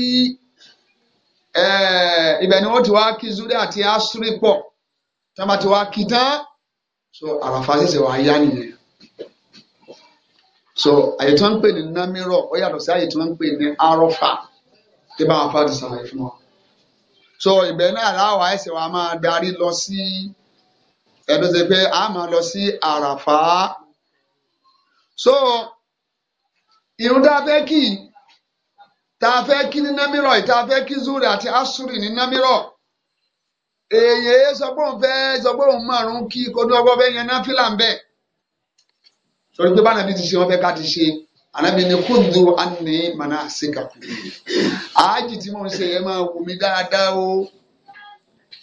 ibẹ̀ ni wọ́n ti wá kí zuri àti asuri pọ̀ tí wọ́n bá ti wá kí tán so àràfà ṣẹ̀ṣẹ̀ wá yá nìyẹn so àyè tí wọ́n ń pè ní námírọ̀ ó yàtọ̀ sí àyè tí wọ́n ń pè ní arọ́fà tí báwọn afá ti sàlàyé fún wọn. so ìbẹ̀ náà láwa ẹsẹ̀ wa máa darí lọ sí ẹ̀dọ́ ṣe pé a máa lọ sí àràfà. so irun tá a fẹ́ kì í tá a fẹ́ kí ní námírọ̀ yìí tá a fẹ́ kí zuri àti asuri ní Namiro. èèyàn yẹn sọ pé òun fẹ́ sọ pé òun márùn-ún kí kó dúró ọgbọ́n fẹ́ yẹn náfìlà ń bẹ́ẹ̀ sọ̀rọ̀ pé báwọn ẹbí ti ṣe wọ́n fẹ́ ká ti ṣe ànábi ni kóńdó àní màná àṣekà kù àájì tí mò ń ṣe ẹ máa wù mí dáadáa o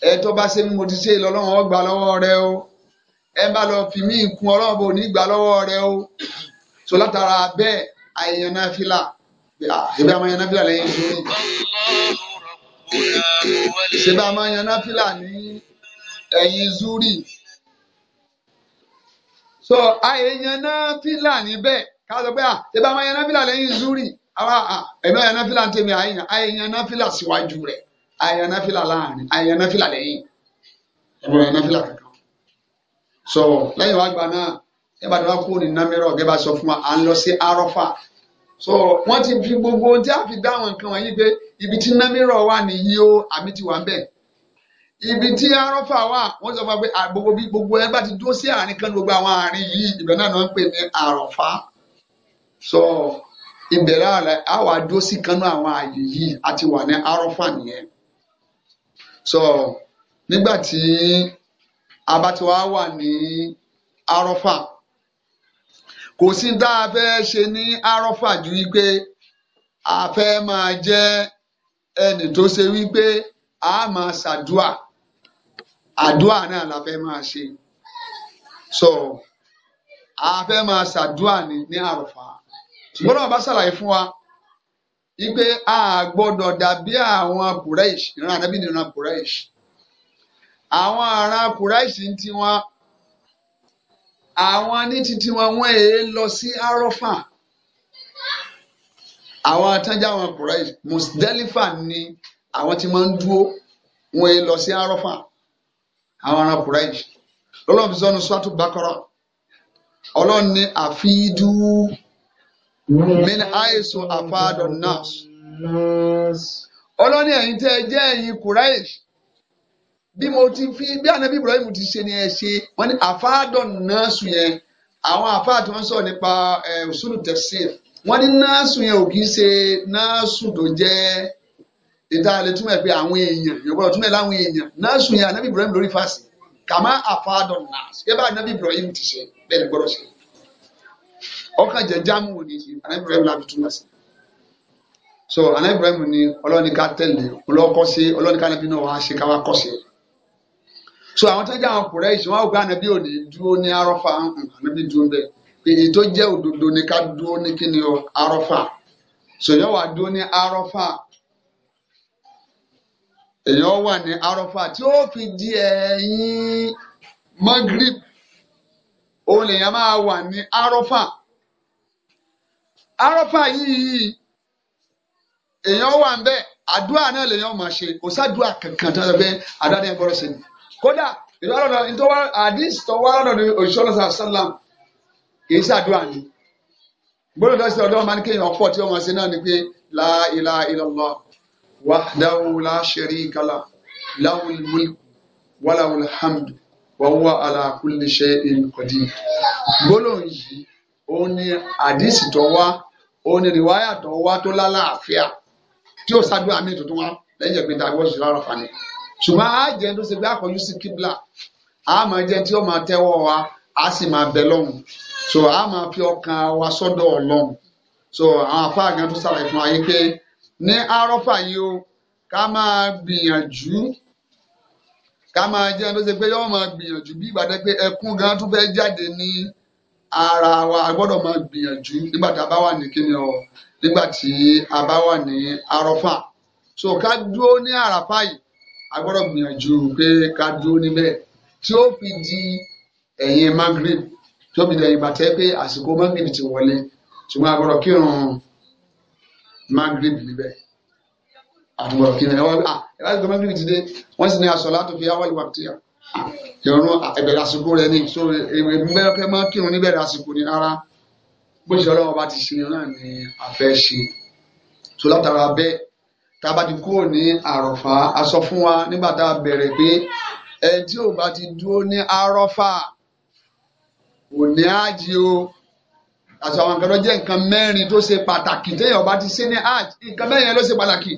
ẹ tó bá ṣe ni mo ti ṣe lọ́lọ́wọ́ gbà lọ́wọ́ rẹ o ẹ bá lọ fi mí kun ọlọ́wọ́ bò ní gbà lọ́wọ́ rẹ o so látara bẹ́ẹ̀ àyẹ̀yàn náà ìbí àmọ́ àyẹ̀yàn náà fìlà lẹ́yìn ìṣòro ìṣèbá àmọ́ àyẹ̀yàn náà ní ẹ̀yìn zúrì so àìyàn náà fìlà níbẹ̀ ká sọ pé à ṣe bá máa yan náà fìlà lẹ́yìn zuri àwa ẹ̀mí àyàn náà fìlà ń tẹ̀mí àyàn àyàn náà fìlà síwájú rẹ̀ àyàn náà fìlà láàrin àyàn náà lẹ́yìn ẹ̀mí àyàn náà kankan so lẹ́yìn wá gbà náà ẹ bá dáná kúrò ní námẹ́rọ̀ ọ̀gẹ́ bá sọ fún wa à ń lọ sí arọ́fà so wọ́n ti fi gbogbo ohun tí a fi dá àwọn nǹkan wọ̀nyí pé ibi tí námẹ́rọ̀ wà nìyí o àmì ti wà ń bẹ̀ ibi tí arọ́fà wà wọ́n sọ fún wa pé ah, gbogbo bí gbogbo ẹ bá ti dúró sí àárín kan gbogbo àwọn àárín yìí ibẹ̀ náà ni wọ́n ń pè ní àrọ̀fà sọ ibẹ̀ láàrẹ̀ àwa dúró sí kanú àwọn ààyè yìí àti wà ní arọ́fà nìyẹn sọ nígbà tí a bá ti wá wà ní arọ́fà kò sí tá a fẹ́ ṣe ní arọ́fà ju wípé a fẹ́ máa jẹ́ ẹnì tó ṣe wípé a máa ṣàdúà àdúrà náà la fẹ́ máa ṣe so a fẹ́ máa ṣàdúrà ní ní àròfà ṣùgbọ́n náà bá ṣàlàyé fún wa wípé a gbọ́dọ̀ dàbí àwọn kùrẹ́ìṣì ìran ànábì nìran kùrẹ́ìṣì àwọn àràn kùrẹ́ìṣì ń tiwọn àwọn ní titi wọn wọn èé lọ sí àròfà àwọn atánjá àwọn kùrẹ́ìṣì Musdalifa ni àwọn ti máa ń dúró wọn èé lọ sí àròfà àwọn ará kùrẹ́jì lọ́lọ́run fi sọ́nu sọ́tù bákọ́rọ́ ọlọ́run ní àfíìdú min àìsù àfáàdọ̀ nọ́ọ̀sì ọlọ́run ní ẹ̀yin tẹ́ ẹ jẹ́ ẹ̀yin kùrẹ́jì bí mo ti fi bí ànábì Ibrahim ti ṣe ni ẹ ṣe wọ́n ní àfáàdọ̀ nọ́ọ̀sì yẹn àwọn àfáà tí wọ́n sọ̀rọ̀ nípa eh, usulu tafsir wọ́n ní nọ́ọ̀sì yẹn ò kì í ṣe nọ́ọ̀sì tó jẹ́ ìta lè túmọ̀ pé àwọn èèyàn yóò gbọ́dọ̀ túmọ̀ láwọn èèyàn náà sùn yẹn anabi ibrahim lórí fàṣẹ kàmá àfàdọ̀ náà ṣé bá anabi ibrahim ti ṣe bẹ́ẹ̀ gbọ́dọ̀ ṣe ọkàn jẹ jámù ní ṣe anabi ibrahim láti túmọ̀ sí so anabi ibrahim ni ọlọ́ni ká tẹ̀lé ọlọ́kọ́ sí ọlọ́ni ká anabi náà wá ṣe ká kọ́ sí so àwọn tó jẹ́ àwọn kùrẹ́ ìṣe wọn ò gbé anabi òní dúró ní arọ́fà anabi dúró bẹ́ẹ̀ èyí tó jẹ́ òdodo ni ká dúró ní kíni arọ́fà so yọ wá dúró ní arọ́fà èèyàn wà ní arọ́fà tí ó fi di ẹ̀yìn magrib òun lèèyàn máa wà ní arọ́fà arọ́fà yìí èèyàn wà ń bẹ̀ àdúrà náà lèèyàn máa ṣe kò sádùúà kankan tó ń sọ pé àdúrà náà gbọ́dọ̀ ṣe ni kódà ìtọ́wọ́lọ́dọ̀ ìtọ́wọ́ àdìs tọ́wọ́lọ́dọ̀ ní òṣìṣẹ́ ọlọ́sà sálàm kì í sàdúrà ni gbọ́dọ̀ tó ṣe ọ̀dọ́ ọmọ ní kéèyàn ọ̀pọ̀ tí wọ́n máa ṣe náà ni pé la وحده لا شريك له له الملك وله الحمد وهو على كل شيء قدير gbólóhùn yìí òun ni àdìsí tó wá òun ni rìwáyà tó wá tó lálàáfíà tí ó ṣáájú àmì tuntun wá lẹ́yìn ẹgbẹ́ tá a gbọ́ ṣùgbọ́n àràfà ni ṣùgbọ́n a jẹ tó ṣe pé àkọjú sí kíbla a máa jẹ tí ó máa tẹ́wọ́ wa a sì máa bẹ lọ́hùn so a máa fi ọkàn wa sọ́dọ̀ Ọlọ́hun so àwọn afáàgán tó ṣàlàyé fún wa yìí pé ní arọ́fà yìí o ká máa gbìyànjú ká máa jẹ́ ẹni tó ṣe pé yọ́n máa gbìyànjú bí ìgbà tó pé ẹkún gan tó fẹ́ jáde ní ara wa a gbọ́dọ̀ máa gbìyànjú nígbà tá a bá wà ní kíni o nígbà tí a bá wà ní arọ́fà so ká dúró ní àràfà yìí a gbọ́dọ̀ gbìyànjú pé ká dúró níbẹ̀ tí ó fi di ẹ̀yìn magrib tí ó fi di ẹ̀yìn bàtẹ́ pé àsìkò magrib ti wọlé ṣùgbọ́n a gbọ́dọ̀ kírun magrib níbẹ̀ àtúbọ̀rọ̀ kí ni ẹ wá ah ẹ láti gbọ́ magrib ti dé wọ́n sì ní aṣọ láti fi awal waqtiya ìrọ̀rùn ẹ̀bẹ̀rẹ̀ àsìkò rẹ ni so ẹ̀mẹ́kẹ́ máa kírun níbẹ̀rẹ̀ àsìkò ni rárá bó ṣe ọlọ́wọ́ bá ti ṣe náà ni a fẹ́ ṣe so látara bẹ́ẹ̀ tá a bá ti kúrò ní àròfà a sọ fún wa nígbà tá a bẹ̀rẹ̀ pé ẹ tí ò bá ti dúró ní àròfà ò ní àjì o àti àwọn nǹkan tó jẹ́ nǹkan mẹ́rin tó ṣe pàtàkì téèyàn ọba ti ṣe ní hajj nǹkan mẹ́rin yẹn ló ṣe pàtàkì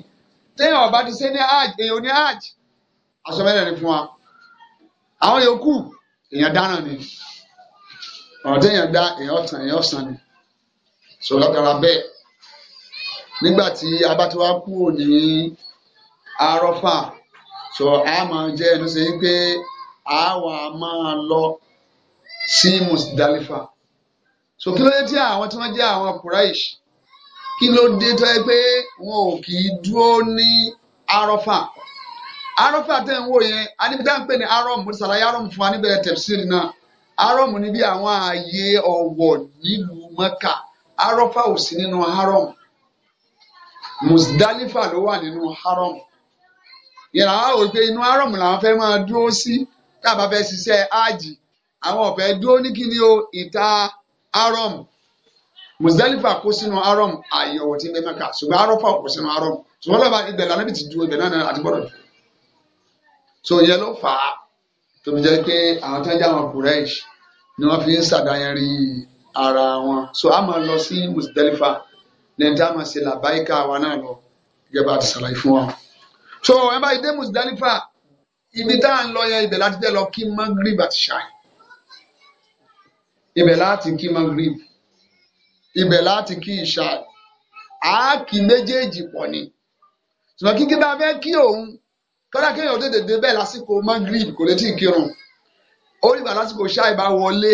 téèyàn ọba ti ṣe ní hajj èèyàn ní hajj aṣọ mẹ́rin ni fún wa àwọn yòókù èèyàn dáná ni ọ̀rọ̀ téèyàn dá èèyàn tàn èèyàn sàn ni sọ̀rọ̀ látara bẹ́ẹ̀ nígbà tí a bá ti wá kúrò ní arọ́fà sọ a máa jẹ́ ẹni ṣe pé a wà máa lọ sí musdalifa so kí ló dé tí àwọn tí wọ́n jẹ́ àwọn Quraysh kí ló dé tó yẹ pé wọn ò kì í dúró ní arọ́fà arọ́fà tẹ̀ ń wò yẹn anibita ń pè ní arọ́m sàlàyé arọ́m fún wa níbẹ̀rẹ̀ tẹ̀síìrì náà arọ́m ni bí àwọn ààyè ọ̀wọ̀ nílùú Mẹ́kà arọ́fà ò sí nínú arọ́m Musdalifa ló wà nínú arọ́m yẹn làwọn ò gbé inú arọ́m làwọn fẹ́ máa dúró sí tá ṣiṣẹ́ áàjì àwọn ọ̀fẹ́ dúró ní kíni o ìta arom Muzdalifa kó sínú arom àyẹ̀wò tí ń bẹ Mẹ́kà ṣùgbọ́n arọ́fà kó sínú arom ṣùgbọ́n lọ́ba ibẹ̀ lànà bí ti ju ibẹ̀ náà àti gbọ́dọ̀ so ìyẹn ló fà á tóbi jẹ́ pé àwọn tó ń jẹ́ àwọn Quraysh ni wọ́n fi ń ṣàdáyẹrí ara wọn so a máa lọ sí Muzdalifa lẹ́yìn tí a máa ṣe làbáyíká wa náà lọ gẹ́gẹ́ bá a ti ṣàlàyé fún wa so ẹ bá ìdé Muzdalifa ibi tá à ń lọ yẹn ibẹ̀ láti tẹ́ lọ kí Maghrib àti ṣáì ibẹ̀ láti kí magrib ibẹ̀ láti kí ìṣá àákì méjèèjì pọ̀ ni ṣùgbọ́n kíkí tá a fẹ́ kí òun kọ́dà kéèyàn tètè débẹ̀ lásìkò magrib kò lè tí ì kírun orí ìgbà lásìkò ṣá ìbá wọlé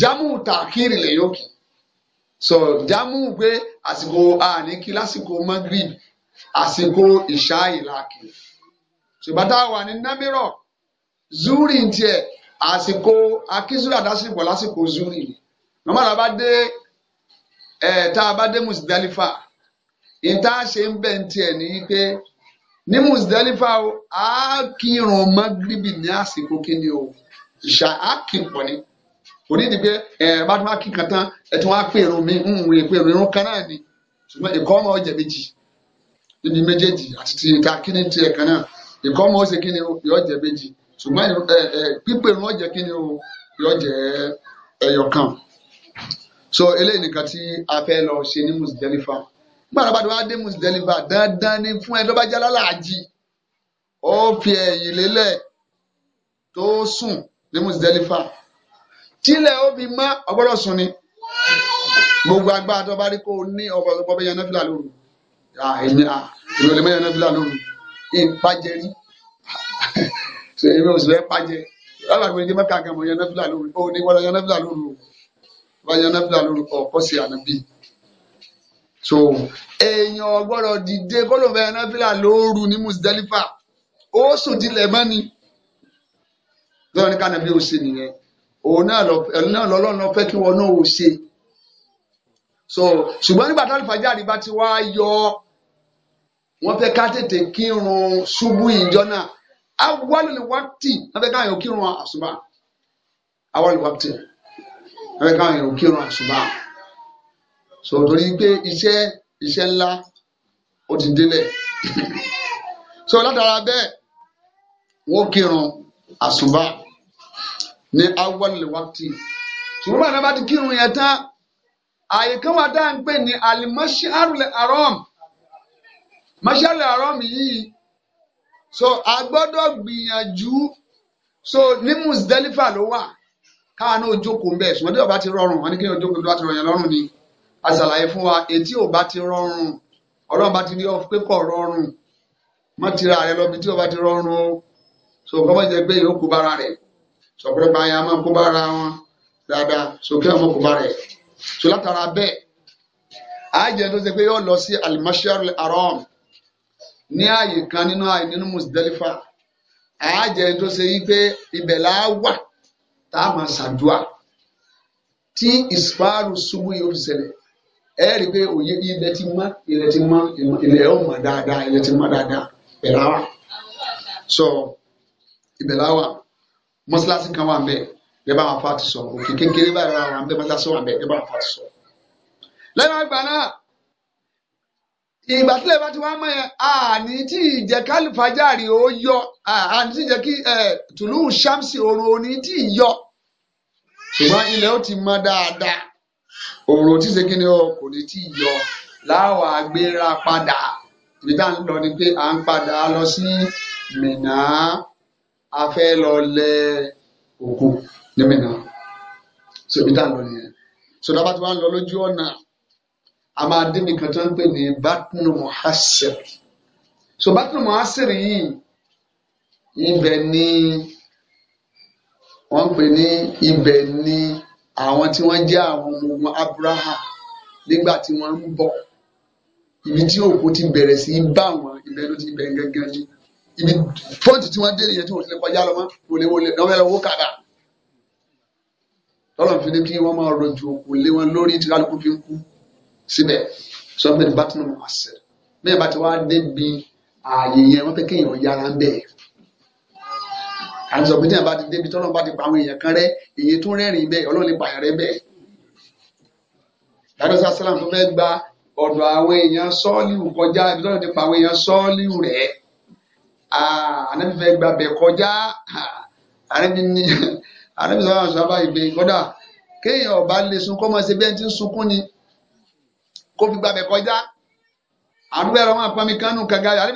jámù tàkìrì lè yókì sọ jámù pé àsìkò àníkí lásìkò magrib àsìkò ìṣá ìlàkì ṣùgbọ́n tá a wà ní námírọ̀ zúrì tiẹ̀ àsìkò akínsúrì àdásìkò lásìkò zuri màmá tá a bá dé ẹ tá a bá dé Musdalifa ìta ṣe ń bẹ̀ ń tiẹ̀ ní pé ní Musdalifa o a kírun magribi ní àsìkò kíni o ìṣá a kì í pọ̀ ni onídìí pé ẹ bá tún wá kí kan tán ẹ tún wá pè irun mi ń rè pé irun kan náà ni ṣùgbọ́n ìkọ́ ọmọ ọjà méjì níbi méjèèjì àti ti ìta kíni tiẹ̀ kan náà ìkọ́ ọmọ ọ̀sẹ̀ kíni yọ ọjà méjì ṣùgbọ́n pípé irun ọ̀jẹ̀ kí ni o yọ jẹ́ ẹyọ kan so eléyìí nìkan tí a fẹ́ lọ ṣe ní Musdalifa gbọ́dọ̀ bá ti wá dé Musdalifa dandan ni fún ẹ tó bá jẹ́ lálàájì ó fi ẹ̀yìn lélẹ̀ tó sùn ní Musdalifa tílẹ̀ ó fi mọ́ ọgbọ́dọ̀ sùn ni gbogbo agbára tó bá rí kó o ní ọgbọ́dọ̀ tó bọ́ bẹ́yẹn náà fìlà lóru èmi ò lè mẹ́yẹn lóru ìpàjẹ́rí ṣe èmi ò sì fẹ́ pàjẹ́ lálàgbé ní mẹ́ka gan mọ̀ yan nẹ́fìlà lóru ó ní wọ́n yan nẹ́fìlà lóru o wọ́n yan nẹ́fìlà lóru ọ̀kọ́ sí ànábì. so èèyàn gbọ́dọ̀ dìde kó ló fẹ́ yan nẹ́fìlà lóru ní Musdalifa ó sùn dilẹ̀ mọ́ ni lọ́wọ́ ní kánàbí ó ṣe nìyẹn òun náà lọ́lọ́run fẹ́ kí wọn náà ó ṣe. so ṣùgbọ́n nígbà tó àlùfáàjà àríbá ti wá yọ wọ́n fẹ́ ká tètè kírun ṣubú ìjọ náà awalil wakti abẹ káyọ kírun àṣùbà awalil wakti abẹ káyọ kírun àṣùbà so torí pé iṣẹ́ iṣẹ́ ńlá ó ti délẹ̀ so látara bẹ́ẹ̀ wọ́n kírun àṣùbà ni awalil wakti ṣùgbọ́n bàtà bá ti kírun yẹn tán àyè kan wà dáa ń pè ní alimọ́ṣẹ́ àrùlẹ̀ àrọ́m mọ́ṣẹ́ àrùlẹ̀ yìí so a gbọ́dọ̀ gbìyànjú so ní Muzdalifa ló wà káwọn náà jókòó ńbẹ ṣùgbọ́n tí ó bá ti rọrùn wọn ni kí wọn jókòó tó bá ti rọyìn lọ́rùn ni a ṣàlàyé fún wa ètí ò bá ti rọrùn ọlọ́run bá ti rí ọ pé kò rọrùn má ti rẹ lọ bí tí ó bá ti rọrùn o so kọ́ bá jẹ pé yóò kó bára rẹ sọ̀pọ̀lọpọ̀ àyà máa kó bára wọn dáadáa so kí wọn kó bára rẹ so látara bẹ́ẹ̀ àjẹ́ tó ṣe pé yóò lọ sí al-Mashar al-Haram ní ààyè kan nínú ààyè nínú Musdalifa àájẹ tó ṣe yí pé ibẹ̀ là wà tá a máa ṣàdúà tí ìsìfàárù ṣubú yóò fi ṣẹlẹ̀ ẹ rí i pé òye ilẹ̀ ti mọ́ ilẹ̀ ti mọ́ ilẹ̀ ó mọ̀ dáadáa ilẹ̀ ti mọ́ dáadáa ìbẹ̀là wà so ìbẹ̀là wà mọ́ṣáláṣí kan wà ń bẹ̀ ẹ bá wọn fa ti sọ òkè kékeré báyìí wà ń bẹ̀ mọ́ṣáláṣí wà ń bẹ̀ ẹ bá wọn fa ti sọ lẹ́yìn àgbà náà ìgbà tílẹ̀ bá ti wá mọ̀ yẹn àní tí ìjẹ́ kálífàjárì ó yọ àní tí ìjẹ́ kí tùlù ṣàmsì oòrùn òní tí ì yọ ṣùgbọ́n ilẹ̀ ó ti mọ dáadáa oòrùn tí ṣe kíni o kò ní tí ì yọ láwa gbéra padà ibi tá à ń lọ ni pé à ń padà lọ sí Mínà a fẹ́ lọ lẹ òkú ní Mínà so ibi tá à ń lọ nìyẹn so dábàá tí wọ́n á lọ lójú ọ̀nà a máa dín nìkan tó ń pè ní batnu muhasir so batnu muhasir yìí ibẹ̀ ni wọ́n ń pè ní ibẹ̀ ni àwọn tí wọ́n jẹ́ àwọn ọmọ ogun abraha nígbà tí wọ́n ń bọ̀ ibi tí òkú ti bẹ̀rẹ̀ sí í bá wọn ibẹ̀ ló ti bẹ̀rẹ̀ gángan ni ibi pọ́ǹtì tí wọ́n dé nìyẹn tí wọ́n ti lè kọjá lọ mọ́ wòlewòle náà wọ́n lọ kàdà tọ́lọ̀ fi ní kí wọ́n máa rọ̀jò òkú lé wọn lórí tí kálukú fi ń kú síbẹ̀ sọ́fẹ̀tì bá tún mọ̀ ọ̀sẹ̀ bẹ́ẹ̀ bá ti wá débi ààyè yẹn wọ́n fẹ́ kéèyàn yára ń bẹ̀. àti sọ̀fẹ̀tì yẹn bá ti débi tọ́lọ́ bá ti pa àwọn èèyàn kan rẹ́ èyí tó rẹ́rìn bẹ́ẹ̀ ọlọ́run lè pa àyàn rẹ́ bẹ́ẹ̀. dáadọ́ sá sálàm tó fẹ́ gba ọ̀dọ̀ àwọn èèyàn sọ́ọ́lìwù kọjá ibi tọ́lọ́ ti pa àwọn èèyàn sọ́ọ́lìwù rẹ̀ ànábì gba bẹ̀ kọjá ànábì ní ànábì sọ́ọ́lìwù sọ́ọ́lìwù kéèyàn ọ̀bá lè sunkún ọmọ ṣe bẹ́ẹ̀ ti sunkún ni kó fi gbàgbẹ́ kọjá àdúgbò ẹ̀rọ máa pọnmi kánú kànga rẹ̀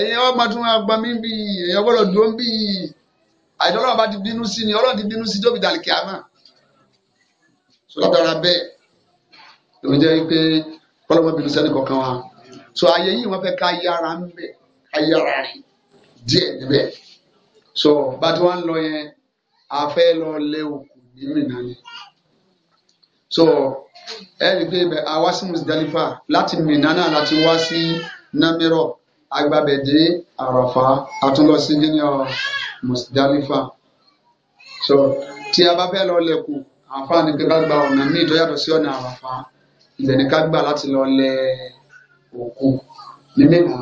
ẹ̀yìn ọgbà tún máa pọnmi bí ẹ̀yìn ọgbọ́dọ̀ dúró bí àìdọ́ ọlọ́run bá ti bínú sí ni ọlọ́run ti bínú sí tóbi dàlí kíámà sọlọ́dọ̀ra bẹ́ẹ̀ ló jẹ́ pé kọ́lọ́mọ́ bínú sẹ́ni kọ̀ọ̀kan wa so ayé yìí wọ́n fẹ́ ká yára ń bẹ̀ ká yára rìn díẹ̀ níbẹ̀ so bá tí wọ́n ń lọ yẹn a fẹ́ lọ lé òkú ní mìíràn so ẹ rí i pé ibẹ̀ àwa sí Musdalifa láti Mina náà láti wá sí Namiro agbábẹ̀dé Àràfá àtúnlọ sí junior Musdalifa so tí a bá fẹ́ lọ lẹ̀kù àǹfààní pé ká gba ọ̀nà míì tó yàtọ̀ sí ọ̀nà Àràfá ibẹ̀ ni ká gbà láti lọ lẹ òkú ní Mina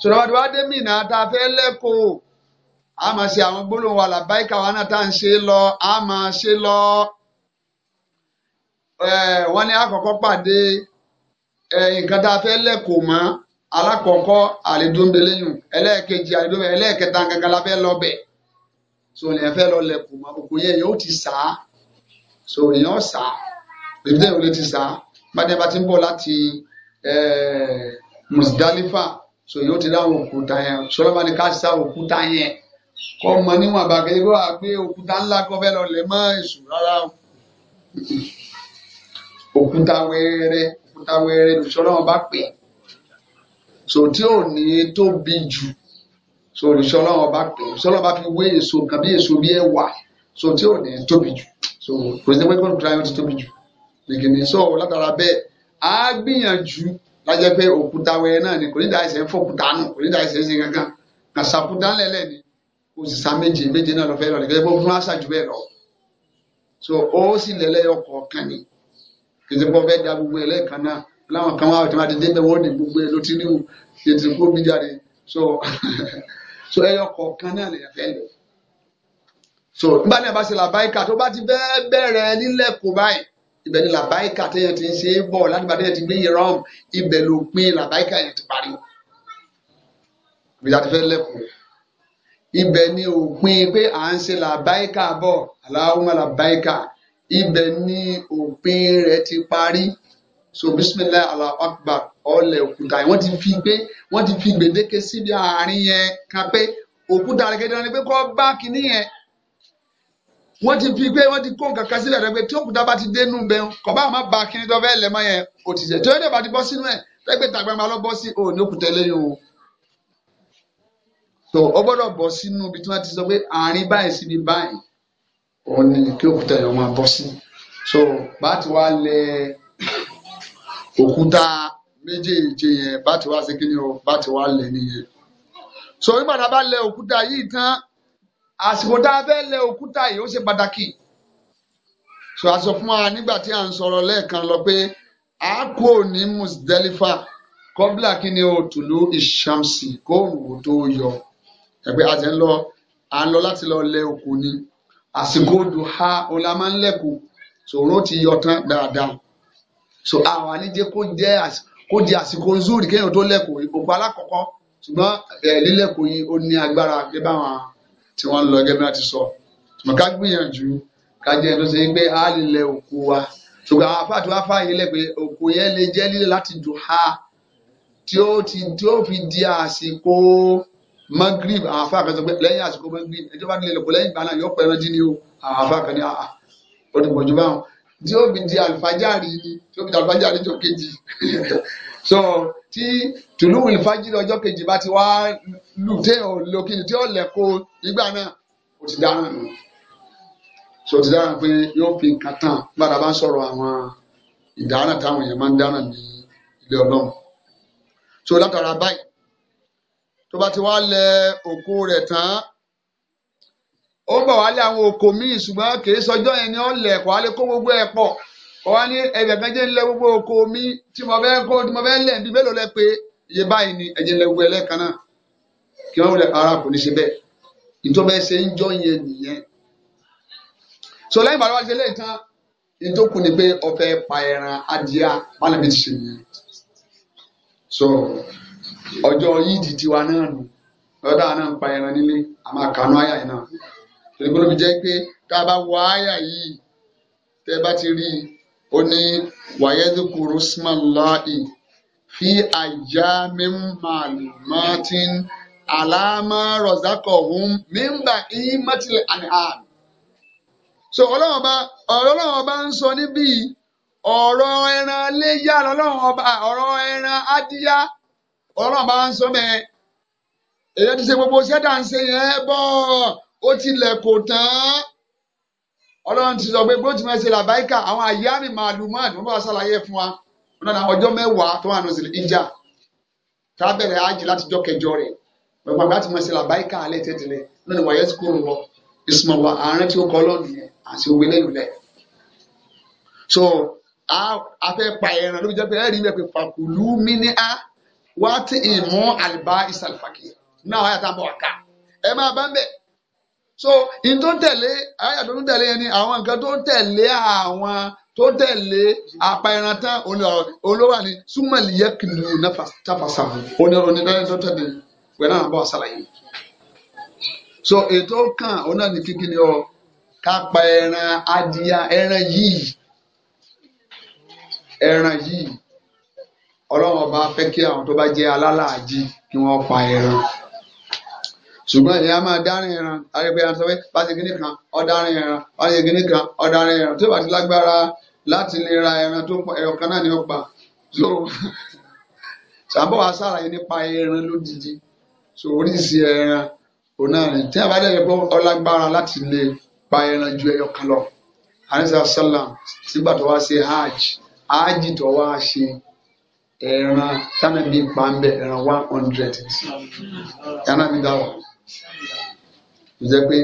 sọ̀rọ̀ wá ti wá dé Mina tá a fẹ́ lẹ́kọ̀ọ́ a máa ṣe àwọn gbólóhùn wa làbáyíká wa náà tá à ń ṣe lọ a máa ṣe lọ wọ́n ní àkọ́kọ́ pàdé nǹkan tá a fẹ́ lẹ́kọ̀ọ́ mọ́ alákọ̀ọ́kọ́ àlèdúndínlẹ́yìn ẹlẹ́ẹ̀kejì àlèdúndínlẹ́yìn ẹlẹ́ẹ̀kẹta gangan la fẹ́ lọ́bẹ̀ so ní ẹ fẹ́ lọ lẹ́kọ̀ọ́ mọ́ òkú yẹn yóò ti sá so èèyàn sá bèbí yóò ti sá bàtẹ́ bá ti ń bọ̀ láti Musdalifa so yóò ti dáhùn òkúta yẹn sọlọ́ba ni ká sá òkúta yẹn kọ́ mọ níwọ̀n àbàkẹ́ yìí kó àgbé òkúta ńlá kọ́ fẹ́ lọ lẹ̀ mọ́ èṣù òkúta wẹ́rẹ́ òkúta wẹ́rẹ́ lóṣù ọlọ́run bá pè so tí ò ní tóbi jù so olùṣọ́ ọlọ́run bá pè olùṣọ́ ọlọ́run bá fi wé èso nǹkan bí èso bí ẹ̀wà so tí ò ní tóbi jù so kò sí pé kó nǹkan ayọ̀ ti tóbi jù nìkìní so látara bẹ́ẹ̀ á gbìyànjú lájẹ́ pé òkúta wẹ́rẹ́ náà ni kò ní dáa ẹsẹ̀ fọ́kúta nù kò ní dáa ẹsẹ̀ ẹsẹ̀ kankan kàṣàkúta lẹ́lẹ̀ ni kò sì sa méje méje náà lọ fẹ́ lọ nìkan ó fún àṣà jù bẹ́ẹ̀ lọ so ó sì lẹ́lẹ́yọ̀ kọ̀ọ̀kan ni ètò ìpọ́ fẹ́ da gbogbo ẹ̀ lẹ́ẹ̀kan náà láwọn kan wá ọ̀tí máa ti wọ́n ní gbogbo ẹ̀ ló ti rí ètò ìpọ́ mi jáde so so ẹyọ kọ̀ọ̀kan náà lèyàn fẹ́ lò so nígbà náà bá ṣe làbáyíkà tó bá ti fẹ́ bẹ̀rẹ̀ nílẹ̀kùn báyìí ibẹ̀ ni làbáyíkà téèyàn ti ń ṣe é bọ̀ láti bá téèyàn ti gbé yẹn rọ́ọ̀mù ibẹ̀ ló pin làbáyíkà yẹn ti parí ìgbìyà ti fẹ́ lẹ́kùn ibẹ̀ ni òpin pé à ń ṣe làbáyíkà bọ̀ aláwọ̀ làbáyíkà ibẹ̀ ni òpin rẹ̀ ti parí so bisimilayi Allahu akbar ọlẹ̀ òkúta yẹn wọ́n ti fi gbé wọ́n ti fi gbèdéke síbi àárín yẹn kan pé òkúta rẹ̀ kẹ́kẹ́ ni pé kọ́ bá kínní yẹn wọ́n ti fi gbé wọ́n ti kó nǹkan kan sílẹ̀ rẹ̀ pé tí òkúta bá ti dénú bẹ́ kọ́ bá má ba kínní tó fẹ́ lẹ̀ mọ́ yẹn òtítẹ́ tí ó bá ti bọ́ sínú ẹ̀ pẹ́pẹ́ tàgbà máa lọ bọ́ sí òní òkúta ẹlẹ́yìn o so ó gbọ́dọ̀ bọ́ sínú ibi tí wọ́n ti sọ pé àárín báyìí síbi báyìí òun ni kí òkúta yẹn máa bọ́ sí so bá ti wá lẹ òkúta méjèèje yẹn bá ti wá ṣe kí ni o bá ti wá lẹ nìyẹn so nígbà tá a bá lẹ òkúta yìí tán àsìkò tá a fẹ́ lẹ òkúta yìí ó ṣe pàtàkì so a sọ fún wa nígbà tí à ń sọ̀rọ̀ lẹ́ẹ̀kan lọ pé a kò ní Musdalifa kọ́bílà kí ni o tùlú ìṣàmsì kóòrùn tó yọ ẹgbẹ́ àti ń lọ à ń lọ láti lọ lẹ òkú ni àsìkò duha ọ̀la máa ń lẹ́kọ̀ọ́ sòrò ti yọ tán dáadáa so àwọn àníjẹ kó jẹ́ kó jẹ́ àsìkò zuri kéèyàn tó lẹ́kọ̀ọ́ òkú alákọ̀ọ́kọ́ ṣùgbọ́n eh, lílẹ́kọ̀ọ́ yìí ó ní agbára pé báwọn tí wọ́n ń lọ gẹ́gẹ́ bí wọ́n ti sọ ṣùgbọ́n ká gbìyànjú ká jẹ́ tó ṣe pé á lílẹ̀ òkú wa ṣùgbọ́n àwọn afáàtì wá fààyè lẹ̀ pé òkú yẹn lè jẹ́ lílẹ̀ láti duha tí ó fi di àsìkò magrib àwọn afá kan sọ pé lẹ́yìn àsìkò magrib ẹjọ́ bá nílẹ̀ lọ́pọ̀ lẹ́yìn ìgbà náà yóò pẹ́ rántí ni o àwọn afá kan ní àà ah, ah, ó ti pọ̀ báwọn tí ó fi di àlùfájàrí ni tí ó fi di àlùfájàrí jọ kejì so tí tùlù ìfájìrì ọjọ́ kejì bá ti wá lù téèyàn lókìlì tí ó lẹ́kọ̀ọ́ ìgbà náà ó ti dáná nù so ti dáná pé yóò fi nǹkan tán gbàdá bá ń sọ̀rọ̀ àwọn ìdáná táwọn èèyàn máa ń dáná ní ilé ọlọ́run so látara báyìí tó bá ti wá lẹ òkú rẹ̀ tán ó bọ̀ wálé àwọn òkò míì ṣùgbọ́n kì í sọjọ́ yẹn ni ó lẹ̀ kọ́ wálé kó gbogbo ẹ̀ pọ̀ kọ́ wá ní ẹ̀jẹ̀ kan jẹ́ ńlẹ̀ gbogbo òkò mi tí mo fẹ́ kó tí mo fẹ́ lẹ̀ bí mélòó lẹ pé iye báyìí ni ẹ̀jẹ̀ ńlẹ̀ gbogbo ẹlẹ́ẹ̀kan náà kí wọ́n wulẹ̀ ara kò ní ṣe bẹ́ẹ̀ ìjọba ẹsẹ̀ ń jọ yẹn nìyẹn. so lẹ́yìn ìbára wa ṣe lẹ́yìn tán ìjókòó ni pé ọ̀fẹ́ pa ẹran adìyà bá ọjọ́ yídì tiwa náà nù lọ́dọ̀ àná ń pa ẹran nílé a máa kànú àyà yìí náà torí jẹ́ pé tá a bá wọ àyà yìí tẹ́ bá ti rí i ó ní fi àjà mímàlùmọ́tín àlámà rọ̀zákọ̀hún mímbà so ọlọ́run ọba ọlọ́run ọba ń sọ níbí ọ̀rọ̀ ẹran léyà ọba ọ̀rọ̀ ẹran ọlọ́run bá ń sọ mẹ́ẹ̀ èyẹ ti ṣe gbogbo iṣẹ́ dà ń ṣe yẹn bọ́ ó tilẹ̀ kò tán ọlọ́run ti sọ pé gbọ́dọ̀ tí wọ́n ṣe làbáyíkà àwọn àyà mi màálù mọ́ àdúgbò bá ṣàlàyé fún wa wọn náà àwọn ọjọ́ mẹ́wàá tó wà ní òsèlè ìjà tá a bẹ̀rẹ̀ ájì láti jọ kẹjọ rẹ̀ pẹ̀lú àgbà tí wọ́n ṣe làbáyíkà alẹ́ tẹ́tẹ́lẹ̀ náà ni wàyẹ́ sukùrù lọ ìsúnmọ̀wá àárín tí ó kọ́ ọlọ́run yẹn àti òwe lẹ́yìn lẹ̀ so a fẹ́ pa ẹran ló fi jẹ́ pé ẹ̀rí mi pé fàkùlù mí ní á wàtí ìmú àlìbá ìsàlùfàkì náà àwọn àyàtà bọ̀ wákà ẹ máa bá ń bẹ̀. so in tó ń tẹ̀lé àyà tó ń tẹ̀lé yẹn ni àwọn nǹkan tó ń tẹ̀lé àwọn tó tẹ̀lé apẹran tán olówó ni súnmọ̀lì yẹ kìlú tafasa onídàájọ́ tó tẹ̀lé pẹ̀lú àwọn àbọ̀ àṣàlàyé. so ètò kan òun náà ní kíkiri ọ ká pa ẹran adìyà ẹran yìí ẹran yìí ọlọ́run ọba fẹ́ kí àwọn tó bá jẹ́ alálàájì kí wọ́n pa ẹran ṣùgbọ́n ìyá máa dárin ẹran arẹ́gbẹ́ ẹran sọ pé bá ti gíní kan ọ̀darin ẹran bá ti gíní kan ọ̀darin ẹran tó bá ti lágbára láti lè ra ẹran tó pọ̀ ẹ̀yọ̀kan náà ni ó pa so ṣàbọ̀ wá ṣàlàyé nípa ẹran lódìdí so oríṣi ẹran òun náà ni tí a bá dẹ̀ bọ́ ọlágbára láti lè pa ẹran ju ẹ̀yọ̀kan lọ àníṣe asálàm sígbà tó wá ṣe hajj hajj tó wá ṣe ẹran tánàbí pa ń bẹ ẹran one hundred yànnàbí dá wà ó jẹ pé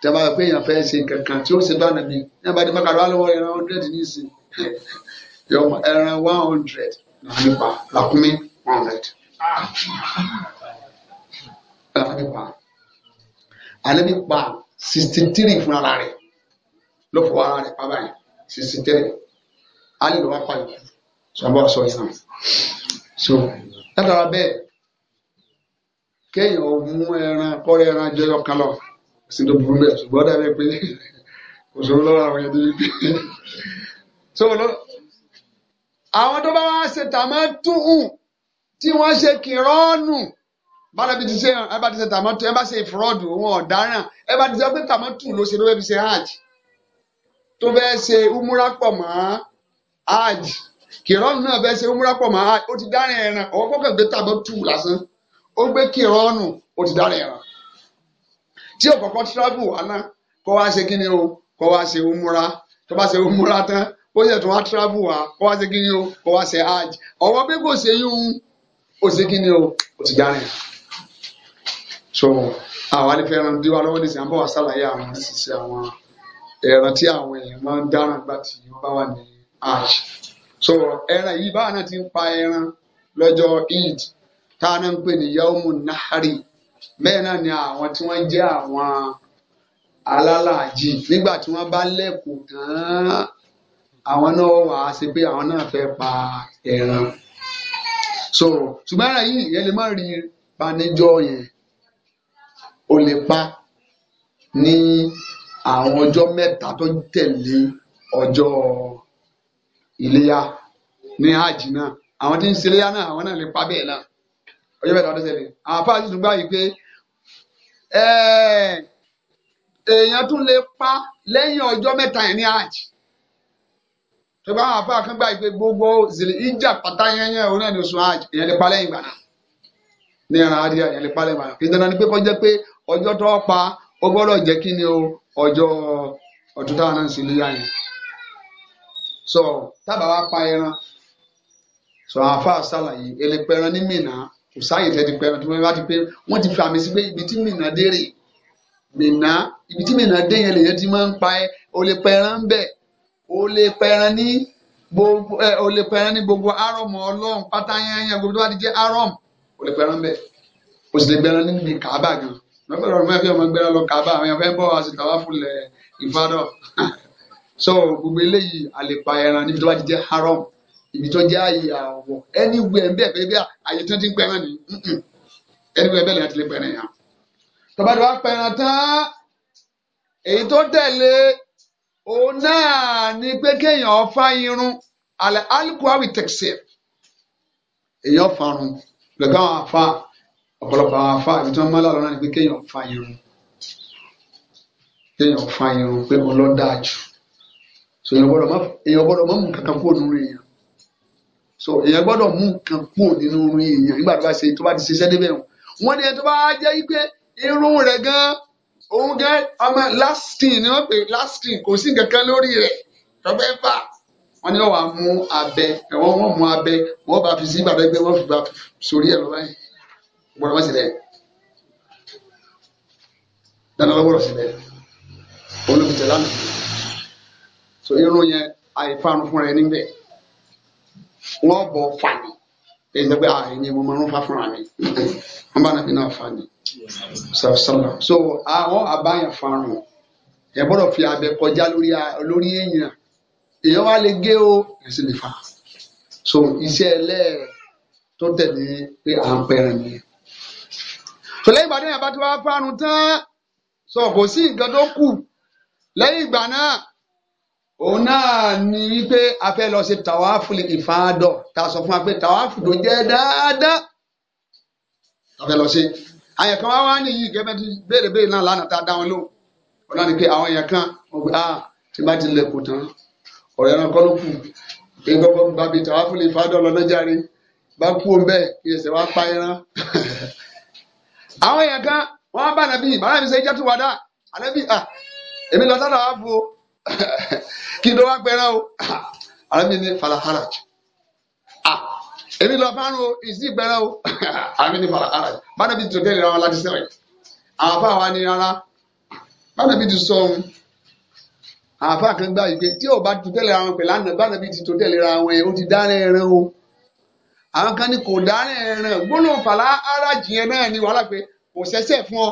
tẹ́lẹ̀ bá pé èèyàn fẹ́ ṣe kankan tí ó ṣe bá nàbí ní abadé bá kàdúrà lọ́wọ́ ẹran hundred ní ìsìn ẹran one hundred nípa làkúnmí one hundred nípa ànábì pa sixty three fún ara rẹ̀ ló fọ ara rẹ̀ pa báyìí sixty three alẹ́ ló wá pa ìlú sọ bá sọ ìsàn so látara bẹ́ẹ̀ kéèyàn mú ẹran kọ́rẹ́ ẹran jẹyọ kan lọ sí tó burú bẹ́ẹ̀ ṣùgbọ́n dàbí pé kò sọ lọ́wọ́ àwọn ẹni pé so lọ. àwọn tó bá wá ṣe tàmátùú tí wọ́n ṣe kìrọ́ọ̀nù bára bí ti ṣe ẹ bá ti ṣe tàmátù ẹ bá ṣe ìfúrọ́ọ̀dù wọn ọ̀daràn ẹ bá ti ṣe pé tàmátù ló ṣe ló fẹ́ fi ṣe hajj tó fẹ́ ṣe umura pọ̀ mọ́ hajj kìrọ́ọ̀nù náà bẹ ṣe múra pọ máa o ti dárin ẹran ọwọ́ kọ́kọ́ gbé tàbí tù lásán ó gbé kìrọ́ọ̀nù ó ti dárin ẹran tí o kọkọ travel wá náà kọ́ wá ṣe kí ni o kọ́ wá ṣe múra tó bá ṣe múra tán ó yẹ tó wá travel wá kọ́ wá ṣe kí ni o kọ́ wá ṣe hajj ọwọ́ pé kò ṣe yún ó ṣe kí ni o ó ti dárin ẹran so àwa ní fẹ́ràn bí lọ́wọ́ wá sàlàyé àwọn ṣiṣẹ́ àwọn tí àwọn èèyàn máa ń dáràn gbà tí wọ́n bá wà ní hajj. so ẹran yìí báwa náà ti ń pa ẹran lọ́jọ́ eid tá a náà ń pè ní yaumu nahari bẹ́ẹ̀ náà ni àwọn tí wọ́n jẹ́ àwọn alálàájì nígbà tí wọ́n bá lẹ́kùn tán àwọn náà wà á ṣe pé àwọn náà fẹ́ pa ẹran so ṣùgbọ́n ẹran yìí ìyẹn lè má rí banijọ́ yẹn o lè pa ní àwọn ọjọ́ mẹ́ta tó tẹ̀lé ọjọ́ ọ̀hún iléyà ní hajj náà àwọn tí ń ṣe iléyà náà àwọn náà lè pa bẹ́ẹ̀ náà ọjọ́ bẹ́ẹ̀ lọ́dún sẹ́lẹ̀ àwọn afáà sì tún gbá yìí pé èèyàn tún lè pa lẹ́yìn ọjọ́ mẹ́ta yẹn ní hajj tó bá àwọn afáà kan gbá pé gbogbo zèlè ìjà pátá yẹn yẹn òun náà ní oṣù hajj èèyàn lè pa lẹ́yìn ìgbà náà ní ẹran adìyẹ yẹn lè pa lẹ́yìn ìgbà náà kì í dandan ni pé kọjá pé ọjọ́ tó pa ó gbọ́dọ̀ jẹ́ kí ni o ọjọ́ ọdún táwọn náà ń ṣe iléyà yẹn sọ tábà wá pa ẹran sọ àwọn afá ṣàlàyé elépẹran ní mìíràn kò sáàyè tẹ́ ti pẹran tí wọ́n bá ti pé wọ́n ti fi àmì sí pé ibi tí mìíràn dé rè mìíràn ibi tí mìíràn dé yẹn lèyẹn ti máa ń pa ẹ olépẹran ń bẹ olépẹran ní gbogbo ẹ olépẹran ní gbogbo arọmọ Ọlọ́run pátá yányán gbogbo tó bá ti jẹ arọm olépẹran bẹ o sì lè gbẹran níbi kàábà gan lọ́pọ̀lọpọ̀ mẹ́fẹ́ ọmọ gbẹran lọ kàábà àwọn bọ́ so gbogbo eléyìí àlepa ẹran níbi tó bá ti jẹ́ haram ibi tó jẹ́ àyè àwọ̀ anywhere bẹ́ẹ̀ bẹ́ẹ̀ bẹ́ẹ̀ àyè tó ti ń pẹran ni anywhere bẹ́ẹ̀ lẹ́yìn àti lè pẹran yẹn tọ́ba tó bá pẹran tán èyí tó tẹ̀lé òun náà ni pé kéèyàn fá irun alẹ́ alikuawi tẹ̀síẹ̀ èèyàn farun lọ́gá àwọn afá ọ̀pọ̀lọpọ̀ àwọn afá ibi tí wọ́n máa lọ́rọ̀ náà ni pé kéèyàn fá irun kéèyàn fá irun pé òun lọ́ dáa jù so èèyàn gbọ́dọ̀ má èèyàn gbọ́dọ̀ má mú kankan kúrò nínú èèyàn so èèyàn gbọ́dọ̀ mú nǹkan kúrò nínú èèyàn nígbà tó bá ṣe tó bá ti ṣiṣẹ́ débẹ̀ wọn wọ́n ní ẹni tó bá jẹ́ pé irun rẹ̀ gan òun gan ọmọ lasting ni wọ́n pè lasting kò sí nǹkan kan lórí rẹ̀ tó fẹ́ fà wọ́n ní wọ́n mú abẹ ẹ̀wọ́n wọ́n mú abẹ wọ́n bá fi sí ìgbàdàn pé wọ́n fi bá sórí ẹ̀ lọ́wọ́ yìí gbọ́dọ̀ wọ́n sì bẹ́ẹ̀ dáná lọ́wọ́ rọ̀ sí bẹ́ẹ̀ olùkùtẹ̀ lánàá so irun yẹn àìfarun fúnra ẹ níbẹ̀ wọ́n bọ̀ fani èyí sọ pé àìyẹn ah, mo máa ń fa fúnra mi wọ́n bá nàbí náà fani sọ̀rọ̀sọ̀rọ̀ so àwọn àbáyàn farun ẹ gbọ́dọ̀ fi abẹ kọjá lórí èèyàn èèyàn wá lè gé o ẹ sì lè fa so iṣẹ́ ẹlẹ́ tó tẹ̀lé pé à ń pẹ́ran nìyẹn so lẹ́yìn ìgbà tí wọ́n bá ti wá farun tán so kò sí nǹkan tó kù lẹ́yìn ìgbà náà. òun náà ni wípé a fẹ́ lọ ṣe tàwáfù ìfàdọ̀ ta sọ fún wa pé tàwáfù tó jẹ́ dáadáa ta fẹ́ lọ ṣe. àyàn kan wá wá ní gẹ́gẹ́ bí béèrè béèrè náà lánàá tá a wọn náà ni pé àwọn èèyàn kan wọn ah, lọ bá kú òun bẹ́ẹ̀ kí ẹsẹ̀ wá pa ẹran. àwọn èèyàn kan bá nàbí bàbá mi kí ló wá pẹ́ràn o àrẹ́bí ní falaharaj èmi lọ fárun o ìsì pẹ́ràn o àrẹ́bí ní falaharaj bàtà bí tòkè ìrànwọ́ láti sẹ́wẹ̀ àwọn afá wa ní rárá bàtà bí ti sọ ohun àwọn afá kan gbá ìgbé tí ò bá tu tẹ́lẹ̀ àwọn pẹ̀lú àná bàtà bí ti tó tẹ́lẹ̀ ra àwọn ẹ̀ ó ti dáná ẹran o àwọn kan ní kò dáná ẹran gbólóhùn falaharaj yẹn náà ni wàhálà pé kò sẹ́sẹ̀ fún ọ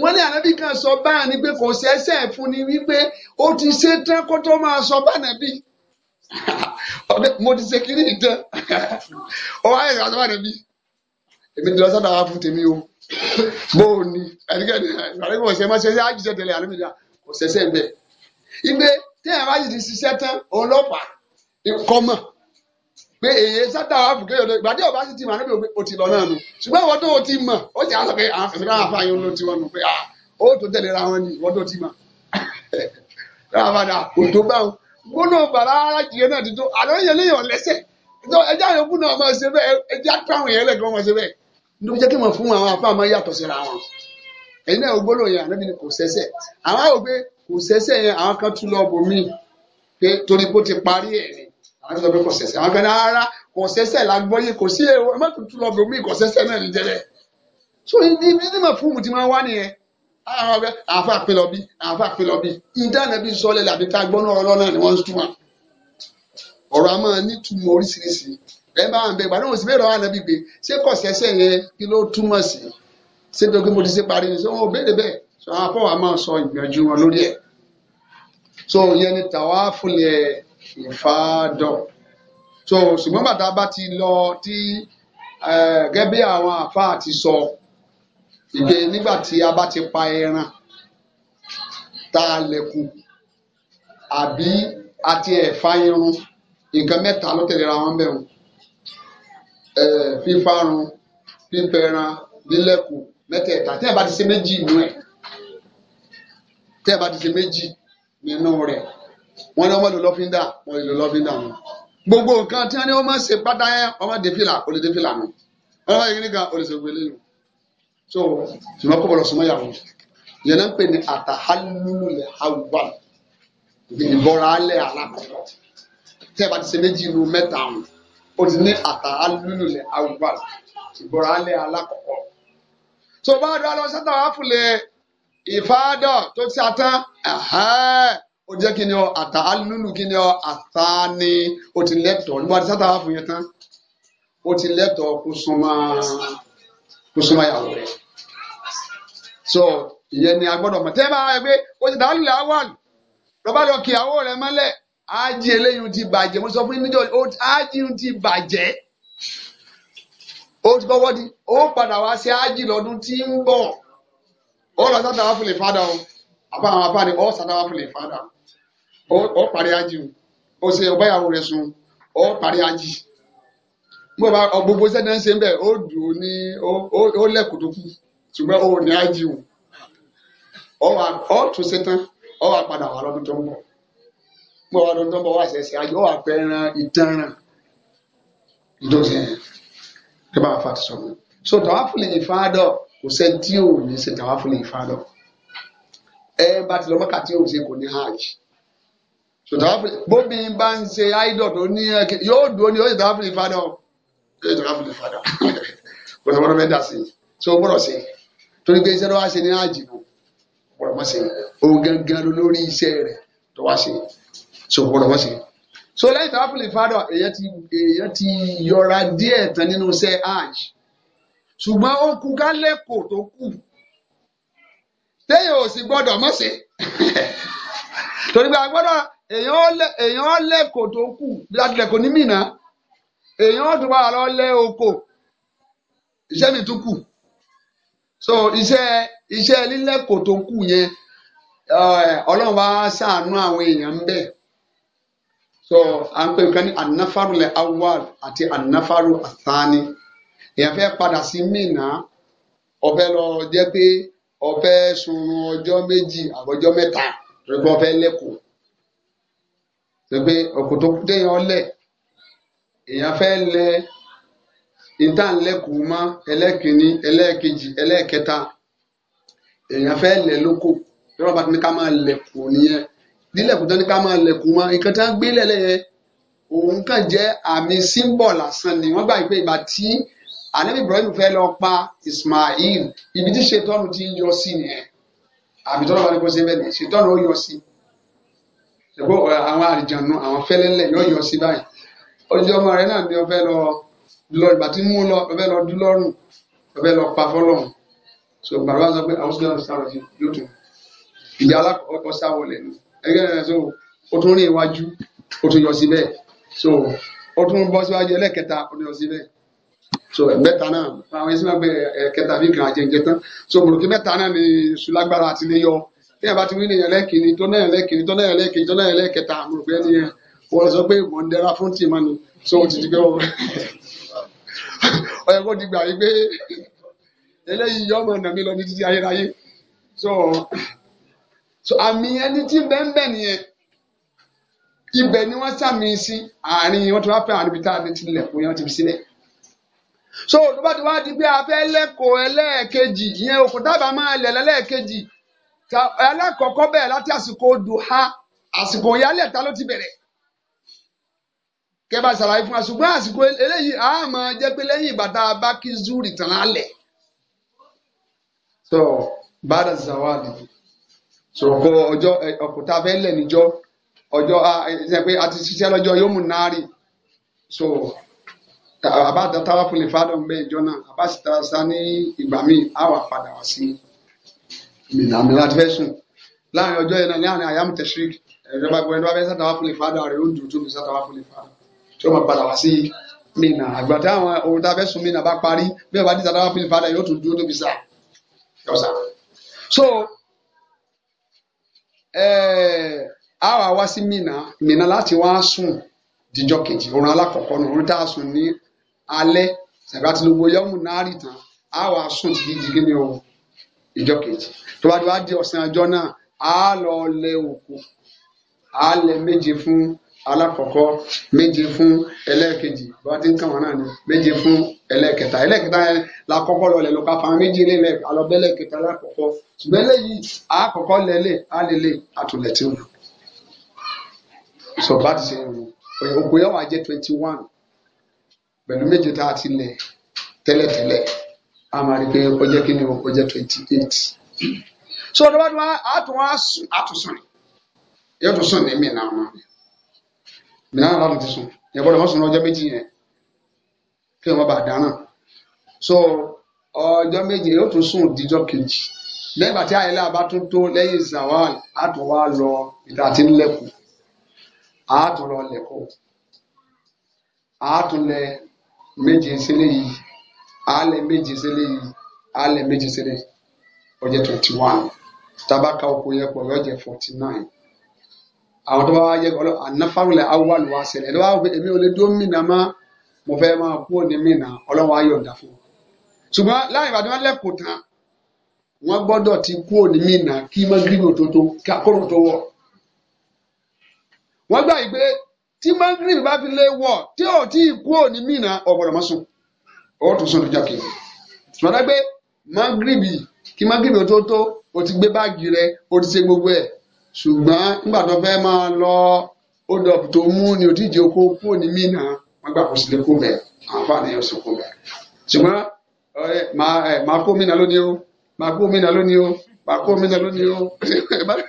wọ́n ní ànábì kan sọ báà ni pé kò ṣẹ̀ṣẹ̀ fún ni wípé ó ti ṣe tán kó tó máa sọ bá nàbí mo ti ṣe kiri ìtàn ó wá ìrìn àjọ bá nàbí èmi ti lọ sọ́dọ̀ àwọn fún tèmi o bóò ni àdìgẹ́dì àdìgẹ́dì kò ṣe máa ṣe ṣe àjíṣẹ́ tẹ̀lé ànábì kan kò ṣẹ̀ṣẹ̀ bẹ́ẹ̀ ibẹ̀ tẹ́yà bá yìí ti ṣiṣẹ́ tán ọlọ́pàá kọ́mọ̀ pé èyí sátà ààbò kéèyàn lọ ìgbàdí ọba sì ti mọ àdébò pé o ti lọ náà nu ṣùgbọ́n ìwọ́n tó o ti mọ̀ ó sì á sọ pé àṣìṣe káwọn afáyín ló ti wọn nù pé ah ó tó tẹ̀lé ra wọn ni ìwọ́n tó ti mọ̀ rábàdà kò tó bá wọn gbóná bàrà arájìlẹ̀ náà ti tó àlọ́ yẹn léèyàn lẹ́sẹ̀ ẹjẹ́ àyọkù náà máa ṣe bẹ́ẹ̀ ẹjẹ́ àtàwọn yẹn lẹ́gbẹ̀ẹ́ máa ṣe bẹ́ẹ̀ níbi jẹ́ kí wọ́n fún àwọn afá máa yàtọ̀ síra wọn ẹ̀yin náà gbóná yẹn àná kò sẹ́sẹ̀ àwọn àwọn ògbé kò sẹ́sẹ̀ yẹn àwọn kan tún lọ bò míì àwọn sọ pé kò sẹ̀sẹ̀ àwọn kan rárá kò sẹ̀sẹ̀ la gbọ́ yé kò sí èrò ẹ má tuntun lọ bẹ̀rù mí kò sẹ̀sẹ̀ náà ní jẹ́lẹ̀ so ibi ní ma fún mùtí máa wá nìyẹn àwọn ọbẹ̀ àáfà pín lọ bí àáfà pín lọ bí ìdáná bí sọlẹ̀ làbí tá a gbọ́ náà ọlọ́nà ni wọ́n ń túmọ̀ ọ̀rọ̀ a máa nítumọ̀ oríṣiríṣi ẹ bá ń bẹ ìgbà náà sì bẹ́ẹ̀ lọ́wọ́ ànábì gbé ṣé kò sẹ́sẹ́ yẹn kí ló túmọ̀ sí ṣé tó kí mo ti ṣe parí ni ṣé wọn ò ìfádọ̀ so ṣùgbọ́n bàtà bá ti lọ tí gẹ́gẹ́ bí àwọn àfáà ti sọ ìgbé nígbà tí a bá ti pa ẹran tá a lẹ̀kù àbí àti ẹ̀fá irun nǹkan mẹ́ta ló tẹ̀léra wọn bẹ̀rù fífarun fífẹ́ran lílẹ̀kù mẹ́tẹ̀ẹ̀ta tẹ́ẹ̀ bá ti ṣe méjì nínú ẹ̀ tẹ́ẹ̀ bá ti ṣe méjì nínú rẹ̀ wọ́n ní ọmọ lò lọ́fíńdà wọ́n lè lò lọ́fíńdà wọn. gbogbo nǹkan tí wọ́n ní wọ́n máa ṣe pátá yẹn ọmọ dèfìlà ó lè dèfìlà mi ọmọ yìí nìkan ó lè ṣe gbélé lò. so ṣùgbọ́n kó bọ̀dọ̀ súnmọ́ yàwó yẹn náà ń pè ní àtàhálùlẹ̀ hawa ìbọ̀rọ̀ alẹ́ alákọ̀ọ́ tẹ́ ẹ bá ti ṣe méjì inú mẹ́ta wọn ó ti ní àtàhálùlẹ̀ hawa ìbọ̀rọ̀ alẹ́ alákọ̀ọ́ so bá a dọ́ lọ sẹ́tà wá fúnlẹ̀ ìfáàdọ̀ tó ti àtàn ó jẹ́ kí ni ọ àtà alúlù kí ni ọ àtà ni ó ti lẹ́tọ̀ọ́ nígbà tí sátà fún yẹn tán ó ti lẹ́tọ̀ọ́ kó súnmọ́ kó súnmọ́ ìyàwó rẹ̀ so ìyẹn ni a gbọ́dọ̀ mọ̀ tẹ́ bá a gbé ó ti dàálù làwọn àlù lọ́ba lọ kí ìyàwó rẹ̀ mọ́lẹ̀ ájì eléyìí ti bàjẹ́ mo sọ fún yín níjọ ájì ti bàjẹ́ ó ti kọ́kọ́ di ó padà wá sí ájì lọ́dún tí ń bọ̀ ó lọ sátà wá fún lè fádà o àbá àwọn apá ni ó sátà wá fún lè fádà o ọ parí ájì o ṣe ọba ìyàwó rẹ sùn ọ parí ájì mo bá gbogbo iṣẹ́ náà ń ṣe ń bẹ̀ ó dùn ní ó lẹ́kùn tó kù o ọ tún ṣe tán ọ wà padà wà lọ́dún tó ń bọ̀ mo wà lọ́dún tó ń bọ̀ wà ṣẹ̀ṣẹ̀ ájì ó wà pẹ́ ran ìtanràn ìdóṣe yẹn tó bá wà fà ti sọ̀rọ̀ so tàwáfùlì ìfádọ̀ kò sẹ́ni tí ò ẹ bá ti lọ mọ́kà kò ní hajj sọtàfìlì bóbi bá ń ṣe áìdọ̀ tó ní ẹkẹ eh, yóò dúró ní oṣù tàfìlì fada o oṣù tàfìlì fada gbọdọ̀ gbọdọ̀ bẹ́ẹ̀ dà sí i so gbọdọ̀ sí i torí pé iṣẹ́ tó wá ṣe ní àjìbò gbọdọ̀ mọ́ sí i òun gangan lórí iṣẹ́ rẹ̀ tó wá ṣe so gbọdọ̀ mọ́ sí i so lẹ́yìn tàfìlì fada èèyàn ti èèyàn ti yọra díẹ̀ tán nínú iṣẹ́ hajj ṣùgbọ́n ó kú kálẹ́kò tó kù téèyàn ò sì gbọdọ̀ mọ́ sí i torí pé a gbọdọ̀ èèyàn lẹ́kọ̀ọ́ tó kù láti lẹ́kọ̀ọ́ ní mìíràn èèyàn tó bá lọ lẹ́ oko iṣẹ́ mi tún kù so iṣẹ́ iṣẹ́ lílẹ́kọ̀ọ́ tó kù yẹn eh, ọlọ́run bá ṣàánú àwọn èèyàn ń bẹ so à ń pè nǹkan ní anáfàrú lẹ awal àti anáfàrú àtàní èèyàn fẹ́ padà sí mìíràn ọ̀fẹ́ lọ jẹ́ pé ọ̀fẹ́ sunrun ọjọ́ méjì àbọ̀jọ́ mẹ́ta rẹ̀ gbọ́ fẹ́ lẹ́kọ̀ọ́ pé ọkọ̀ tó kú téèyàn lẹ̀ èèyàn fẹ́ lẹ ìtànlẹ́kùn mọ́ ẹlẹ́kìnní ẹlẹ́kejì ẹlẹ́kẹta èèyàn fẹ́ lẹ̀ lóko tí wọ́n bá ti ní ká máa lẹ̀kùn nìyẹn lílẹ̀kùn tó ní ká máa lẹ̀kùn mọ́ nǹkan tí wọ́n gbé lẹ̀ lẹ́yẹn òun kàn jẹ́ àmì símbọ̀ lásán ni wọ́n gbà pé ìgbà tí anabi ibrahim fẹ́ lọ pa ismail ibi tí ṣetọ́nù ti yọ sí nìyẹn àbí tọ́lọ́ bá ní kó ṣe bẹ́ẹ̀ ni ṣetọ́nù ó yọ sí i ṣùgbọ́n àwọn àlìjànú àwọn fẹ́lẹ́lẹ̀ yóò yọ sí báyìí ọjọ́ ọmọ rẹ náà ni ọbẹ̀ lọ lọ ìgbà tí mú lọ ọbẹ̀ lọ dún lọ́rùn ọbẹ̀ lọ pa fọlọ́run so bàbá sọ pé àwọn sọ́dọ̀ sáré fi yóò tún ìyá alákọ̀ọ́kọ́ sáwọlẹ̀ nù ẹgbẹ́ rẹ so ó tún rí iwájú ó tún yọ sí bẹ́ẹ̀ so ó tún bọ́ síwájú ẹlẹ́kẹta ó tún yọ sí bẹ́ẹ̀ so mẹ́ta náà àwọn ẹ̀sìn máa gbé ẹ̀kẹta bí kan àjẹjẹ tán so bùrùkí mẹ́ta náà ni sùlágbára àtìlẹ́yọ tí ẹ bá ti wí ní ẹlẹ́kìnní tó náà ẹlẹ́kìnní tó náà ẹlẹ́kìnní tó náà ẹlẹ́kẹta mo rò pé ẹni yẹn wọ́n sọ pé mò ń dẹra fún tì mánu so ó ti di pé ó yẹ kó ti gbà yí pé eléyìí yọ ọmọ ọ̀nà lọ ní títí ayérayé so so àmì ẹni tí bẹ́ẹ̀ nìyẹn ibẹ̀ ni wọ́n sàmì sí àárín wọn ti wá fẹ́ àríbi tá a ti lẹ̀kùn yẹn wọ́n ti fi sílẹ̀. so tó bá ti wá di pé a fẹ́ lẹ́kọ̀ọ́ ẹlẹ́ẹ̀kejì ìyẹn òkú dábàá máa lẹ̀ lẹ́lẹ́ẹ̀kejì ta alákọ̀ọ́kọ́ bẹ̀rẹ̀ láti àsìkò duha àsìkò yálẹ̀ ta ló ti bẹ̀rẹ̀ kẹba ṣàlàyé fún wa ṣùgbọ́n àsìkò eléyìí a máa jẹ́ pé lẹ́yìn ìbàdà bá kí zuri tàn án lẹ̀ so bada zawadi so kó ọjọ́ ọ̀kúta fẹ́ lẹ̀ níjọ́ ọjọ́ ẹ pé a ti ṣiṣẹ́ lọ́jọ́ yóò mú náírì so àbá dátà wà fún lè fádọ̀ ń bẹ́ ìjọ náà àbá sì ta sa ní ìgbà míì á wà padà wá sí i àmì láti fẹ́ sùn láàrin ọjọ́ yẹn náà láàrin àyàmù tẹ̀sírí ẹ̀rọ bá gbọ́ ẹni wá fẹ́ sátàwá fún lè fàdà rẹ̀ ó dùn tó fi sátàwá fún lè fàdà tí ó máa padà wá so a wà wá sí Mínà Mínà láti wá sùn díjọ́ kejì oorun alákọ̀ọ́kọ́ náà oorun tá a sùn ní alẹ́ sàgbàtìlógbò yọ̀mù náà tán a wà sùn dídí kí ni o ìjọ kejì tó bá ti wá di ọ̀sán ọjọ́ náà á lọ lẹ òkú á lẹ méje fún alákọ̀ọ́kọ́ méje fún ẹlẹ́ẹ̀kejì bá ti ń kàn wọ́n náà ni méje fún ẹlẹ́ẹ̀kẹta ẹlẹ́ẹ̀kẹta yẹn la kọ́kọ́ lọ lẹ̀ ló ká fáwọn méje lé lẹ̀ alọ́bẹ̀ ẹlẹ́ẹ̀kẹta alákọ̀ọ́kọ́ ṣùgbọ́n eléyìí á kọ́kọ́ lẹ̀ lẹ̀ á lè lè àtúnlẹ̀ tí ó sọ bá ti ṣe ìrù òkú yẹn wà jẹ́ twenty one pẹ̀lú méje tá a ti lẹ̀ tẹ́lẹ̀tẹ́lẹ̀ a máa rí pé ó twenty eight so ọ̀dọ́ bá ti máa àtún wá sùn àtún sùn yóò tún sùn ní mìíràn náà mìíràn náà ti sùn yẹn gbọ́dọ̀ mọ́sùn ọjọ́ méjì yẹn kí wọ́n bá dáná so ọjọ́ méjì yóò tún sùn díjọ́ kejì lẹ́yìn bàtí àyẹ̀lẹ́ àbá tó lẹ́yìn zawal àtún wá lọ ìdá tí ń lẹ́kùn àtún lọ lẹ́kùn àtún lẹ méje sílẹ̀ yìí àálẹ̀ méje sílé yìí méje twenty one tabaka oko yẹn pọ̀ yọ forty nine àwọn tó bá wá yẹ ọlọ ànáfàwìlẹ awàlù wa ma ẹ lọ wá èmi ò lè dúró mìíràn má mo fẹ́ máa kú òní mìíràn ọdà fún ìbàdàn tán wọn ti kú òní mìíràn kí mọgìrì òtótó kí tó ó tún sùn lọ́jọ́ kejì ṣùgbọ́n ma mọ́gìrìbì kí mọ́gìrìbì ó tó tó o ti gbé báàgì rẹ o ti ṣe gbogbo ẹ̀ ṣùgbọ́n nígbà tó fẹ́ máa lọ hold up tó mú ni o ti jẹ kúrò ní wọ́n gbà kó sílé kó àǹfààní kó ṣùgbọ́n máa kó lónìí o máa kó lónìí o máa kó lónìí o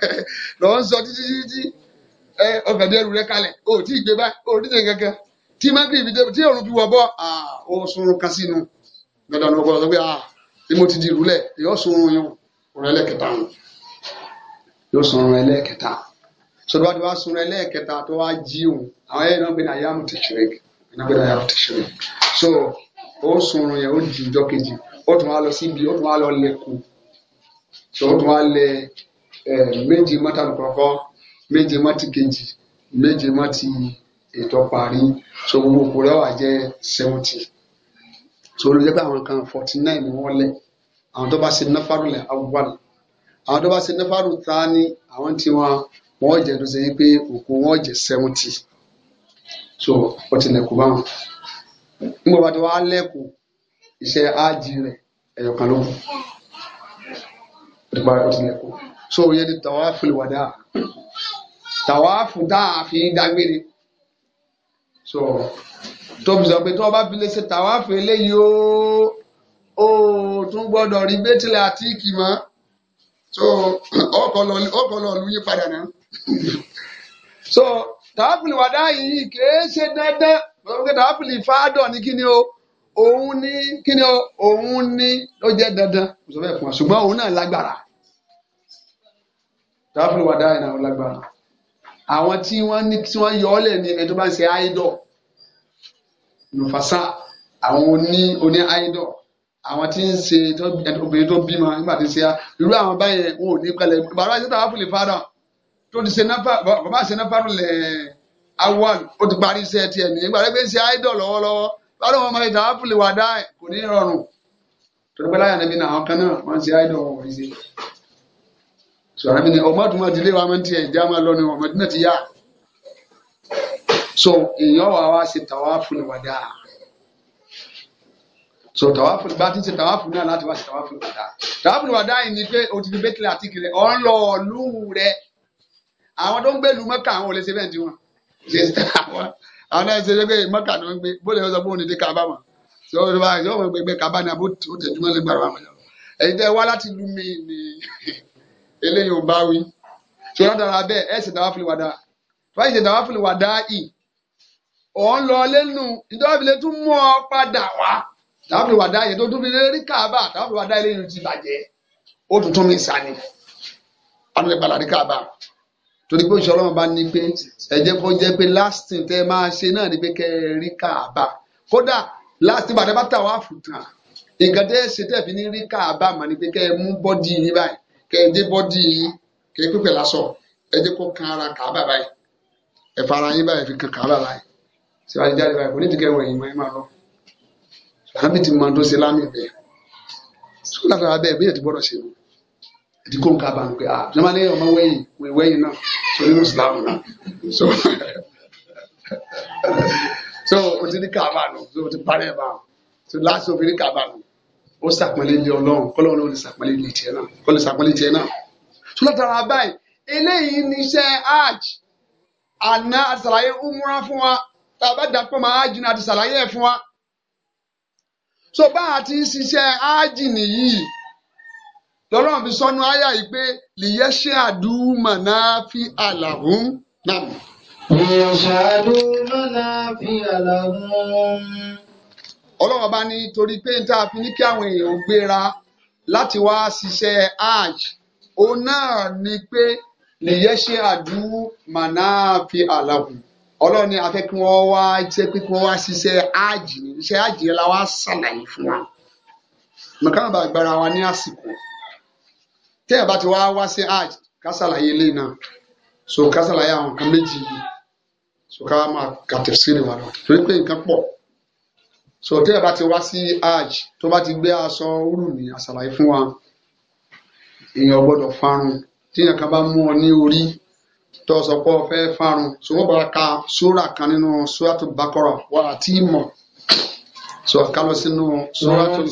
lọ́wọ́ sọ tí mẹ́gírì fi dé tí òrùn fi wọ̀ bọ́ ó sunrun kan sínú dandan ní ọgbọ́n sọ pé tí mo ti di ìrúlẹ̀ yóò sunrun yún òrùn ẹlẹ́kẹta nù yóò sunrun ẹlẹ́kẹta sọdọ́ àti wá sunrun ẹlẹ́kẹta tó wá jí òun àwọn ẹ̀yìn náà gbé náà yàmù tẹ̀sírẹ́ iná gbé náà yàmù tẹ̀sírẹ́ so ó sunrun yẹn ó di ìjọ kejì ó tún wá lọ síbi ó tún wá lọ lẹ́kùn so ó tún wá lẹ eh, méje mọ́tàlùkọ̀ọ̀kọ́ méje mọ́tì kejì méje mọ́tì ètò parí so gbogbo òkú rẹ̀ wà jẹ́ seventy so olùjẹ́ pé àwọn kan forty nine ni wọ́n lẹ̀ àwọn tó bá ṣe náfàrú lẹ̀ awwal àwọn tó bá ṣe náfàrú tání àwọn tí wọn wọ́n tó ṣe pé òkú wọn jẹ́ seventy so wọ́n ti lẹ̀kú báwọn nígbà bá ti wá lẹ́kù iṣẹ́ ájì rẹ̀ ẹ̀yọ̀kan ló kù ó ti lẹ̀kù so yẹ ni tàwáfù wàdà tàwáfù tá a fi dágbére so tóbi sọ pé tí wọ́n bá fi lè ṣe tàwáfù eléyìí ó ó tún gbọ́dọ̀ rí bẹ́tìlẹ̀ àti ìkìmọ́ so ọkọ̀ lọ lù yín padà náà so tàwáfù lè yìí kìí ṣe dandan lọ́wọ́ pé tàwáfù ní kíni o òun ní kíni o òun ní ó jẹ́ dandan kò sọ ṣùgbọ́n òun náà lágbára tàwáfù lè yìí náà lágbára àwọn tí wọ́n ní tí wọ́n yọ ọ́ lẹ̀ ní ẹni tó bá ń ṣe áídọ̀ nùfàṣà àwọn oní oní áídọ̀ àwọn tí ń ṣe obìnrin tó bímọ nígbà tí ń ṣe á irú àwọn báyẹn wọn ò ní kalẹ̀ bàbá ìṣẹ́ta wà fúnlẹ̀ fara tó ti ṣe náfà bàbá ṣe náfà lẹ̀ awal ó ti parí iṣẹ́ tiẹ̀ nìyẹn gbàdé pé ń ṣe áídọ̀ lọ́wọ́lọ́wọ́ báwo wọn máa ń ta áfúlẹ̀ wà dáì kò ní rọrùn tó dé pẹ́ láyà níbi náà àwọn kan náà wọ́n ń ṣe áídọ̀ wọ̀nyí so ara mi ni ọmọ àtúmọ̀ ti lé wa máa ń tiẹ̀ ìjà máa lọ ti yá so èèyàn wa wá ṣe tàwáfù ní wàdà so tàwáfù bá ti ṣe tàwáfù náà láti wá ṣe tàwáfù ní wàdà tàwáfù ní wàdà yìí ni pé o ti fi bẹ́tìlẹ̀ àtìkì rẹ̀ ọ̀ ń lọ ọ̀lú rẹ̀ àwọn tó ń gbé lu mẹ́kà àwọn ò lè ṣe bẹ́ẹ̀ tí wọ́n ṣe àwọn àwọn náà ṣe ṣe pé mẹ́kà ni wọ́n gbé bóde ọ̀sán bóun ní dé kaba mọ̀ ṣe o mọ̀ gbẹgbẹ kaba ni àbó tẹ̀jú mọ́ sí gbàrà wọn ẹ̀yin tẹ́ wá láti lu mi ni eléyìí ò bá wí ṣé látara bẹ́ẹ̀ ẹ̀ ṣe tàwa fìlè wàdà fáyì ṣe tàwa fìlè wàdà ì ọ̀ ń lọ lẹ́nu ìjọba ìfìlẹ̀ tún mú ọ padà wá tàwa fìlè wàdà yẹn tó tún fi rí káàbà tàwa fìlè wàdà eléyìí ti bàjẹ́ ó tún tún mi sani wọn lè balà rí káàbà torí pé òṣèlú ọlọ́run bá ní pé ẹ kó jẹ́ pé last thing tẹ́ máa ṣe náà ni pé kẹ́ ẹ rí káàbà kódà láti bàtà bá tà wá fùtàn nǹkan tẹ́ ṣe tẹ̀ fi ní rí káàbà mà ní pé kẹ́ ẹ mú bọ́dì yín báyìí kẹ́ ẹ dé bọ́dì yín kẹ́ ẹ pípẹ́ lásọ ẹ dé kó kan ara kàá bàbá yìí ẹ fara yín báyìí fi kan kàá bàbá yìí síwájú jáde báyìí kò ní ti kẹ́ wẹ̀yìn mọ́ ẹ máa lọ láàmì ti máa tó ṣe láàmì bẹ́ẹ̀ sókè látara bẹ́ẹ̀ bí ẹ ti gbọ́dọ̀ ṣe ti kó nǹkan àbàmì pé àbí ọmọ lẹ́yìn ọmọ wẹ̀yìn wẹ̀yìn náà sọ nínú ìsìlámù náà so so o ti ní kàá bá so o ti parí ẹ̀ bá nù so láti o fi ní kàá ó sàpọ́nlé lé ọlọ́run kọ́lọ́run ló lè sàpọ́nlé lé tiẹ̀ náà kọ́ lè sàpọ́nlé tiẹ̀ náà. tó látara báyìí eléyìí ni iṣẹ́ hajj àná àtàlàyé umra fún wa tàbá dàpọ̀ mọ́ hajj náà àti ẹ̀ fún wa. so bá a ti ṣiṣẹ́ hajj nìyí lọ́lọ́run fi sọ́nu àyà yìí pé lìyẹ́ ṣe àdúmọ̀ náà fi àlàhùn náà. lìyẹ́ ṣe àdúmọ̀ náà fi àlàhùn ọlọ́run ọba ní torí pé níta fi ní kí àwọn èèyàn ò gbéra láti wá ṣiṣẹ́ hajj òun náà ni pé nìyẹn ṣe àdú màná fi àlàbù ọlọ́run ní afẹ́ kí wọ́n wá iṣẹ́ pé kí wọ́n wá ṣiṣẹ́ hajj ní iṣẹ́ hajj yẹn la wá ṣàlàyé fún wa mọ̀kànlá bá gbára wa ní àsìkò tẹ́ bá ti wá wá sí hajj ká ṣàlàyé ilé náà so ká ṣàlàyé àwọn nǹkan méjì yìí so ká máa kàtẹ́sí ni wà lọ torí pé nǹkan pọ̀ so tẹ́lẹ̀ bá ti wá sí hajj tó bá ti gbé aṣọ wúrù ní àṣàlàyé fún wa èèyàn gbọ́dọ̀ farun tíyàn kan bá mú ọ ní orí tó sọ pé ọ fẹ́ farun so wọ́n bá ka sóra kan nínú sóràtú bakora wà á tí mọ̀ so ká lọ sínú sóràtú.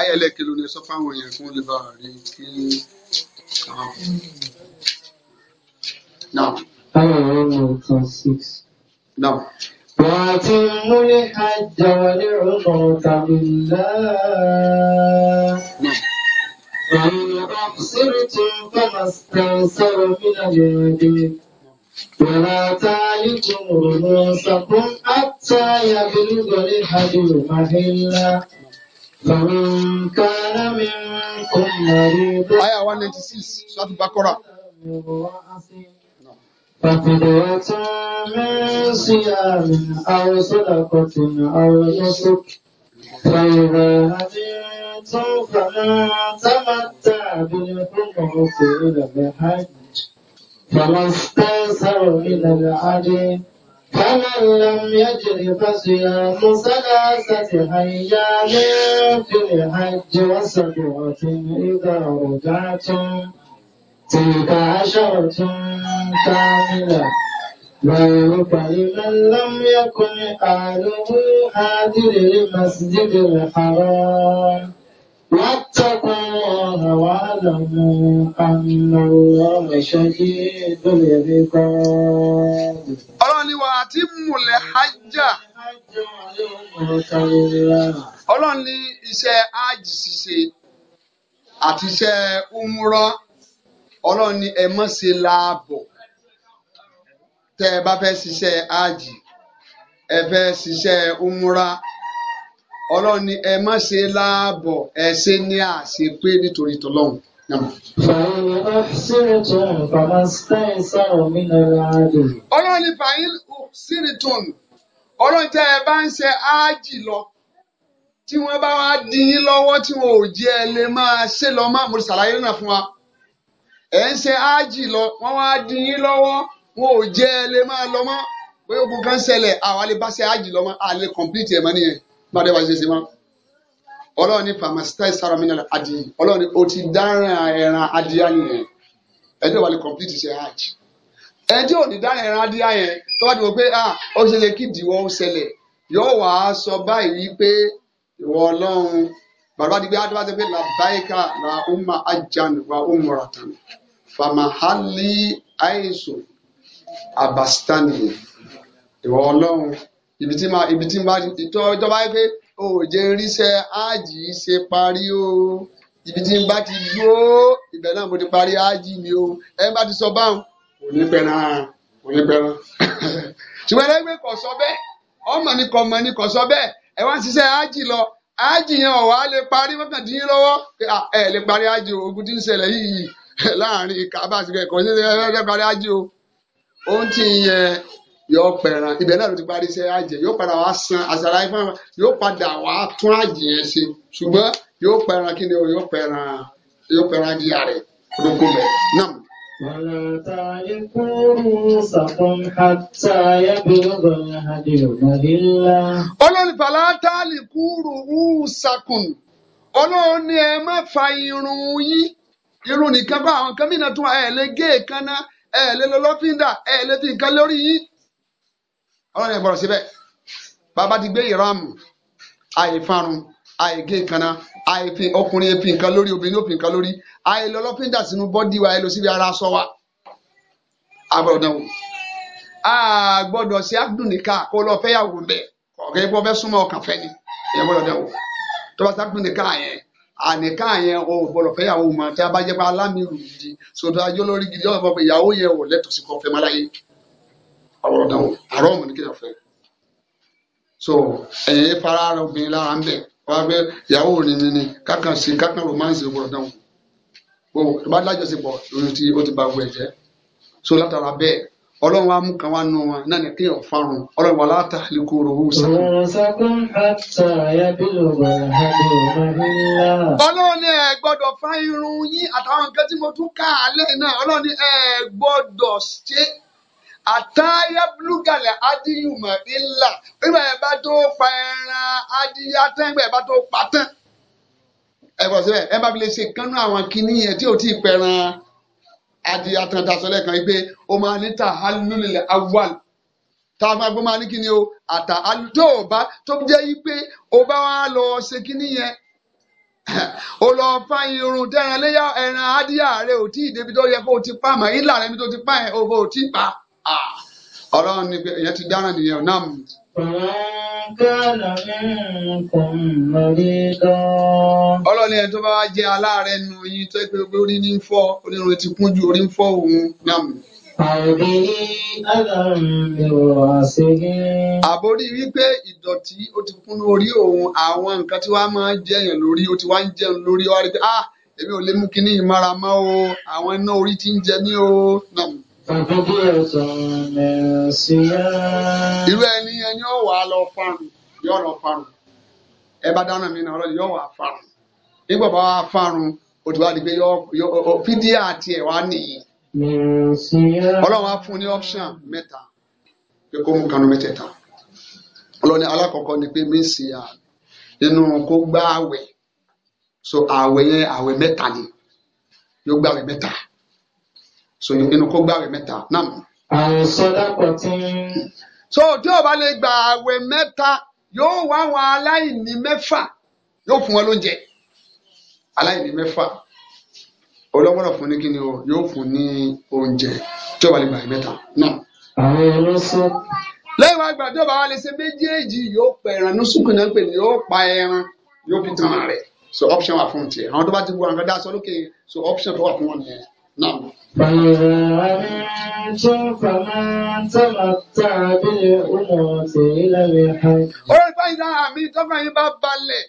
ayẹlẹ kìlọ̀ ni sọ fáwọn èèyàn fún olùbàdàn kí. Now. نعم وأتم الحج والعمرة لله وإن أقصرتم فما استيسر من الهدي ولا تالكم رؤوسكم حتى يبلغ الحج محله فمن كان منكم مريضا آية 196 سورة البقرة ففدية من صيام أو صدقة أو نسك فإذا هديتم فمن تمتع بالعمرة إلى الحج فما استيسر من الهدي فمن لم يجد فصيام ثلاثة أيام في الحج وسبعة إذا رجعتم تلك عشرة كاملة ذلك لمن لم يكن أهله حاضر المسجد الحرام واتقوا الله واعلموا أن الله شديد العقاب. Ọlọ́run ni wàá ti múlẹ̀ hájà. Ọlọ́run ni iṣẹ́ ájì ṣíṣe àti iṣẹ́ umrọ́ ọlọ́run ní ẹ mọ̀ ṣe láàbọ̀ tẹ́ ẹ bá fẹ́ ṣiṣẹ́ ájì ẹ fẹ́ ṣiṣẹ́ umra ọlọ́run ní ẹ mọ̀ ṣe láàbọ̀ ẹ ṣe ní àṣepé nítorí tọlọ́run. ọlọ́run ní fàyín sírìtùn ọlọ́run tẹ́ ẹ bá ń ṣe ájì lọ tí wọ́n bá wá dín in lọ́wọ́ tí wọ́n ò jẹ́ ẹ lè máa ṣe lọ máa mo ṣàlàyé náà fún wa. ẹ̀ ń ṣe ájì lọ wá di yín wọn ò jẹ́ ẹ lè máa lọ mọ, ogun kan lè lọ mọ àlè nìyẹn má dé ṣe ṣe ọlọ́run ní sara adi ọlọ́run ní o ti dáràn ẹran adìyá nìyẹn ẹjọ́ lè kọ̀m̀pìtì ṣe ájì ẹjọ́ ò ní dáràn ẹran adìyá yẹn tó bá ti pé ah ó ṣe lè kí ìdíwọ́ ṣẹlẹ̀ yóò wàá sọ báyìí pé ìwọ ọlọ́run bàbá àdìgbé adébájẹ pé làbáyíká la umma ajjan wa umratan famahali aisu abastani ìwọ ọlọ́run ibi tí ma ibi tí ma ìtọ́ ìtọ́ báyìí pé òòjẹ́ ríṣẹ́ ájì ṣe parí o ibi tí n bá ti dúró ibẹ̀ náà mo ti parí ájì mi o ẹ bá ti sọ báwọn kò ní pẹran kò ṣùgbọ́n ẹgbẹ́ kò sọ bẹ́ẹ̀ ọmọ ni kò mọ ni kò sọ bẹ́ẹ̀ ẹ wá ń ṣiṣẹ́ ájì lọ ájì yẹn ọ̀wá lè parí mọ́kàndínlẹ́ lọ́wọ́ ẹ lè parí ájì o ogun tí ń ṣẹlẹ̀ yìí láàrin kábà sí kẹ̀kọ́ ṣe ẹ lè parí ájì o ohun tí ń yẹ yọ pẹ̀ràn ibẹ̀ náà ló ti parí iṣẹ́ ájì yóò padà wá san àṣàrà ifá yóò padà wá tún ájì yẹn ṣe ṣùgbọ́n yóò pẹ̀ràn kí ni o yóò pẹ̀ràn yóò pẹ̀ràn di ààrẹ olóko bẹ̀ náà. ولا تعرفوا رؤوسكم حتى يبلغ الهدي مهله. ọlọ́run fàlà tààlì kúrò ùsàkùn ọlọ́run ni ẹ má fa irun yín irun nìkan bá àwọn kan mìíràn tún ẹ lè gé èékánná ẹ lè lo lọ́fíńdà ẹ lè fi nǹkan lórí yín. ọlọ́run ẹ̀ bọ̀rọ̀ síbẹ̀ bàbá ti gbé ìrọ̀mù àìfarun àìgé kanna àìfin ọkùnrin èpin nǹkan lórí obìnrin òpin nǹkan lórí àìlọ lọ́fíńdà sínú bọ́dí wa àìlọ síbi ara aṣọ wa àbọ̀dàn wò a gbọ́dọ̀ sí àdùnníkà kó lọ fẹ́yàwó ń bẹ̀ ọ̀gá epo fẹ́ súnmọ́ ọkàn fẹ́ ni ìyẹn gbọ́dọ̀ dẹ̀ wò tó bá sàdùnníkà yẹn àníkà yẹn o gbọ́dọ̀ fẹ́yàwó mọ̀ tí a bá jẹ́ pé alámìrù gidi sòtò ajó lórí gidi ọ̀pọ̀ ìyàwó yẹn ò lẹ́tọ̀ọ́ sí so ẹ̀yin fara ara obìnrin lára ń bẹ̀ wọ́n gbé ìyàwó mi ni kákan sí kákan romance gbọ́dọ̀ dánwò gbogbo tó bá lórí ti ba gbogbo so látara bẹ́ẹ̀ ọlọ́run wa mú kan wá nù wọn náà ní kí fárun ọlọ́run wa láta àlékún oròwú sàkún. ọlọ́run ni ẹ gbọ́dọ̀ fá irun yín àtàwọn nǹkan ataya adìyùmọ̀ ìlà ìgbà yẹn bá tó pa ẹran adìyà tán ìgbà tó pa tán. ẹ bá fi lè ṣe kánú àwọn kinní tí pẹran ta kan pé o máa ní ta awal o àtà tó pé o bá ṣe yẹn o lọ fa irun tẹran léyà ẹran ti pa tó ti Ala ah. ni yati dana ni yo nam. Ala ni to ba je ala re nu yin to pe pe ori ni nfo, ori ni ti kunju ori nfo ohun nam. Àbórí wípé ìdọ̀tí ó ti kún lórí òun àwọn nǹkan tí wàá máa ń jẹyàn lórí ó ti wá ń jẹun lórí ó wá rí pé ah èmi ò lè mú kí ní ìmáramá o àwọn iná orí ti ń jẹ mí o náà. Irú ẹni yẹn ni ó wà á lọ fárun, yóò lọ fárun. Ẹ e bá dáná mi náà lọ́dún, yóò wà á fárun. Nígbà bá wà á fárun, òtún di pé fídíà àti ẹ̀ wá nìyí. Ọlọ́run á fún ní option mẹ́ta pé kó mú kanú mẹ́tẹ̀ẹ̀ta. Ọlọ́run alákọ̀ọ́kọ́ ni pé So àwẹ̀ yẹn àwẹ̀ mẹ́ta ni, yóò gbá àwẹ̀ mẹ́ta. so inú kó gbàwẹ̀ mẹ́ta náà. àwọn sọdá tí. so tí o bá lè gba àwẹ̀ mẹ́ta yóò wá àwọn aláìní mẹ́fà yóò fún wọn lóúnjẹ aláìní mẹ́fà olóńgbọ́nà fún ní kí ni o yóò fún ní oúnjẹ tí o bá lè gba àwẹ̀ mẹ́ta náà. àwọn olóṣù. lẹ́yìn wá gbà tí o bá lè ṣe méjèèjì yóò pa ẹran nusukun náà pè ní yóò pa ẹran yóò fi tàn rẹ̀ so option wà fún tiẹ̀ àwọn tó bá ti gbọ́ àwọn kan dá sọ lókè so option tó wà fún wọn nìyẹn náà. فإذا أمنتم فمن تمتع بالعمرة إلى الحج. Oye fàyídà àmì tọ́fà yín bá balẹ̀.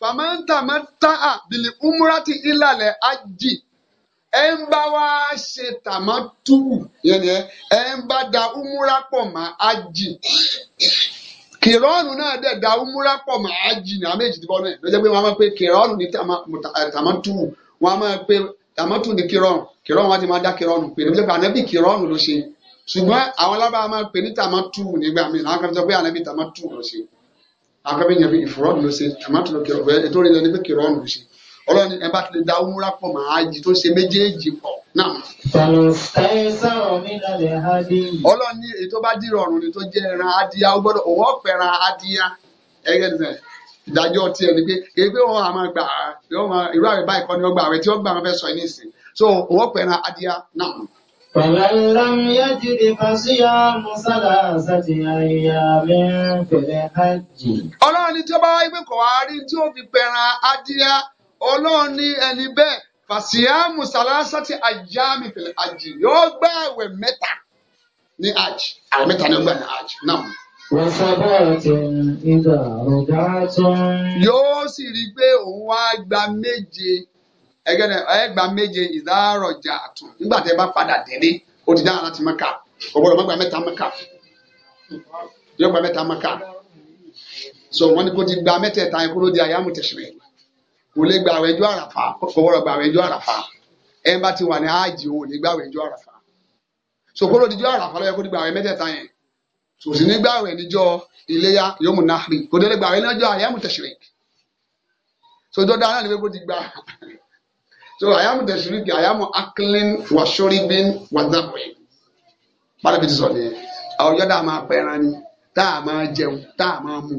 Fàmáǹtà máa ń tá à bìlì umrati ìlàlẹ̀ ájì. Ẹ ń bá wá ṣe tàmátù yẹn yẹn. Ẹ da umura pọ̀ mọ́ ájì. Kìrọ́ọ̀nù náà dẹ̀ da umura pọ̀ mọ́ ájì ní àmì èjì tí bọ́ náà. Lọ́jọ́ pé wọ́n á máa pe kìrọ́ọ̀nù ní tàmátù. Wọ́n á máa pe tàmọ́tù ní kírọ̀nù kírọ̀nù wọn ti máa dá kírọ̀nù pé níbi pé ànábì kírọ̀nù ló ṣe ṣùgbọ́n àwọn alábàá máa pè ní tàmọ́tù nígbà míì àwọn kan sọ pé ànábì tàmọ́tù ló ṣe àwọn kan bí yẹn bí ìfúrọ́ọ̀nù ló ṣe tàmọ́tù ló kírọ̀nù ètò orí lọ ní pé kírọ̀nù ló ṣe ọlọ́ni ẹ bá ti lè da umra pọ̀ máa jì tó ṣe méjèèjì pọ̀ náà. ọlọ́ni èyí bá dìrọ̀rùn ni tó jẹ́ ẹran adìyá ó gbọ́dọ̀ òun ọ̀fẹ́ ẹran adìyá ẹgẹ́ ìdájọ́ tiẹ̀ ni pé kì í pé wọ́n máa gbà irú àwẹ̀ báyìí kọ́ ni wọ́n gbà àwẹ̀ tí wọ́n gbà wọn fẹ́ sọ yìí nìsín so wọ́n pẹ̀rẹ̀ adìyà náà. فمن لم يجد فصيام ثلاثة أيام في ọlọ́run ní tí ó bá wáyé pé kò wá rí tí ó fi pẹran adìyà ọlọ́run ní ẹni bẹ́ẹ̀ fàṣíyàmù sàlásàtì àjàmì fil hajj yóò gbà àwẹ̀ mẹ́ta ní hajj àwẹ̀ mẹ́ta ní ó gbà ní hajj náà. Yóò sì rí i pé òun wá gba méje ẹgẹ́dẹ̀ ẹ gba méje ìdárọ̀jà àtún nígbà tẹ́ bá padà délé ó ti dáhà láti mọ́kà kò gbọ́dọ̀ má gba mẹ́ta mọ́kà yóò gba mẹ́ta mọ́kà so wọ́n ní kó ti gba mẹ́tẹ̀ẹ̀ta yẹn kúrò di àyàmú tẹ̀sílẹ̀ kò lè gba àwẹ̀jọ́ àràfà kò gbọ́dọ̀ gba àwẹ̀jọ́ àràfà ẹ̀ ń bá ti wà ní áàjì òun ò lè gba àwẹ̀jọ́ àràfà so kúrò díjọ́ àràfà lọ́yẹ kó ti gba àwẹ̀ mẹ́tẹ̀ẹ̀ta yẹn kò sì ní gbààwẹ̀ níjọ́ iléyá yóò mú nahri kò délé gbààwẹ̀ níjọ́ àyàmù tẹ̀sírìkì sojọ́ dáa náà ni wípé kó ti gbà so àyàmù tẹ̀sírìkì àyàmù akílín wàṣọ́rígbín wàdàbọ̀yì pálábí ti sọ nìyẹn àwùjọ dáa máa pẹran ni táà máa jẹun táà máa mu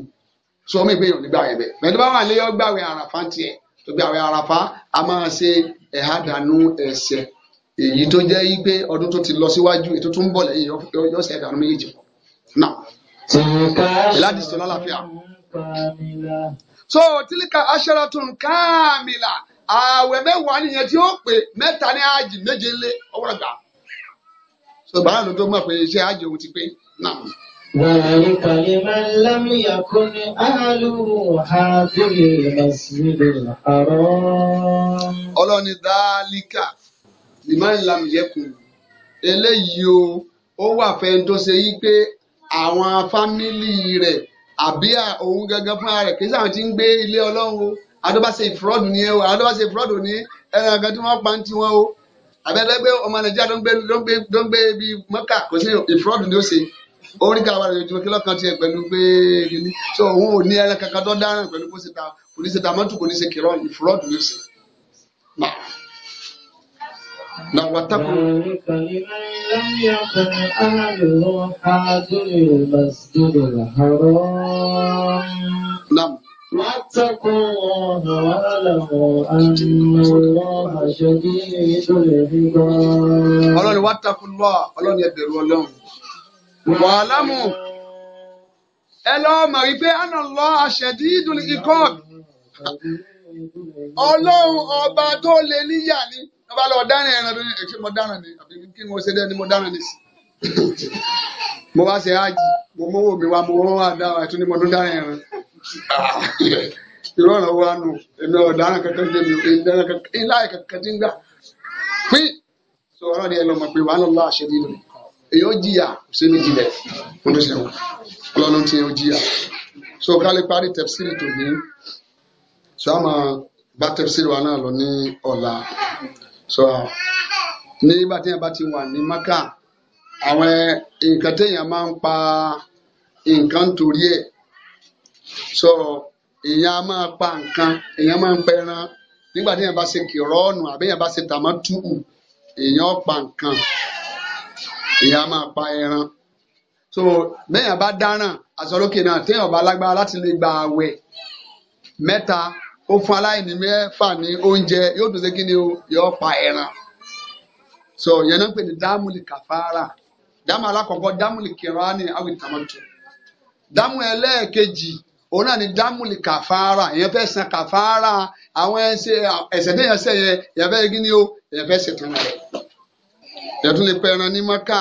so ọmọ ìgbéyàn ní gbààwẹ̀ bẹ́ẹ̀ bẹ́ẹ̀ tó bá wà léyọ́ gbààwẹ̀ àràfá tiẹ̀ tó gbààwẹ̀ àràfá a máa ṣe ẹ̀há dànù ẹ̀ṣẹ̀ èyí tó jẹ́ yí pé ọdún tó ti lọ síwájú ètò tó ń bọ̀ lẹ́yìn yọ ìlàdí sọ lálàáfíà. so tílíkà aṣọ́rọ̀tún káàmìlà ààwẹ̀ mẹ́wàá nìyẹn tí ó pè mẹ́ta ní àjì méje lé ọwọ́ àgbà. so bàbá àlọ́ tó mọ̀ pé iṣẹ́ àjì òun ti pé náà. ذلك لمن لم يكن أهله حاضر المسجد الحرام. ọlọ́ni dálíkà لمن لم يكن eléyìí o ó wà fẹ́ tó ṣe yí pé àwọn fámìlì rẹ̀ àbí òun gangan fúnra rẹ̀ kì í ṣe àwọn tí ń gbé ilé ọlọ́run o adóbáṣe ìfúrọ́dù ni ẹ o adóbáṣe ìfúrọ́dù ni ẹran kan tí wọ́n pa ń tiwọn o àbẹ́dẹ́gbẹ́ ọmọ nàìjíríà tó ń gbé tó ń gbé ibi mọ́kà kò sí ìfúrọ́dù ni ó ṣe orí kan àwọn ìjọba kìlọ̀ kan tiẹ̀ pẹ̀lú pé kìíní so òun ò ní ẹran kankan tó dáràn pẹ̀lú kó ṣe ta kò ní ṣe ta mọ́tò kò ní ṣe kìrọ̀ ìfúrọ́dù ni ó ṣe na watakun. Nam. واتقوا الله واعلموا أن الله شديد العقاب. Ọlọ́run واتقوا الله Ọlọ́run ẹ bẹ̀rù Ọlọ́run. Wàlámù ẹ lọ́ọ́ mọ̀ wípé àná lọ́ àṣẹ̀dí ìdúlì ikọ́. Ọlọ́run ọba tó lè níyà ni wọ́n bá lọ dáná ẹran bí ẹ̀ṣẹ́ mo dáná ni àbí kí mo ṣe dẹ́ ni mo dáná ni sí. mo wá ṣe ájì mo mówó mi wá mo wọ́n wá dára ẹ̀tún ni mo tún dáná ẹran. irọ́ ọ̀nà wa nù èmi ọ̀ dáná kankan dé mi èmi dáná kankan ilá ẹ̀ kankan ti gbà. pín sọ ọ̀rọ̀ ni ẹ lọ mọ̀ pé wàá lọ́ọ́ àṣẹ nínú èyí ó jìyà kò ní jìlẹ̀ mo ọlọ́run ti ó so nígbà tí èèyàn bá ti wà ní maka àwọn nǹkan téèyàn máa ń pa nǹkan torí ẹ̀ so èèyàn á máa pa nǹkan èèyàn máa ń pẹran nígbà tí èèyàn bá ṣe kìrọ́ọ̀nù àbí èèyàn bá ṣe tàmátùkù èèyàn pa nǹkan èèyàn á máa pa ẹran so bẹ́ẹ̀yàn bá dáràn àsọlókè náà téèyàn bá lágbára láti lè gba àwẹ̀ mẹ́ta ó fún aláìní mẹ́fà ní oúnjẹ yóò dùn sí kí ni o yọ pa ẹran so yẹn náà pè ní dámùlì kàfàrà dámù alákọ̀ọ́kọ́ dámúlì kìránì awìn tàmọ́tò dámú ẹlẹ́ẹ̀kejì òun náà ni dámúlì kàfàrà ìyẹn fẹ́ san kàfàrà àwọn ẹsẹ̀ ẹsẹ̀ déyàn sẹ̀ yẹn ìyẹn fẹ́ kí ni o ìyẹn fẹ́ ṣètò rẹ̀ ìyẹn tún lè pẹ ẹran ní mọ́kà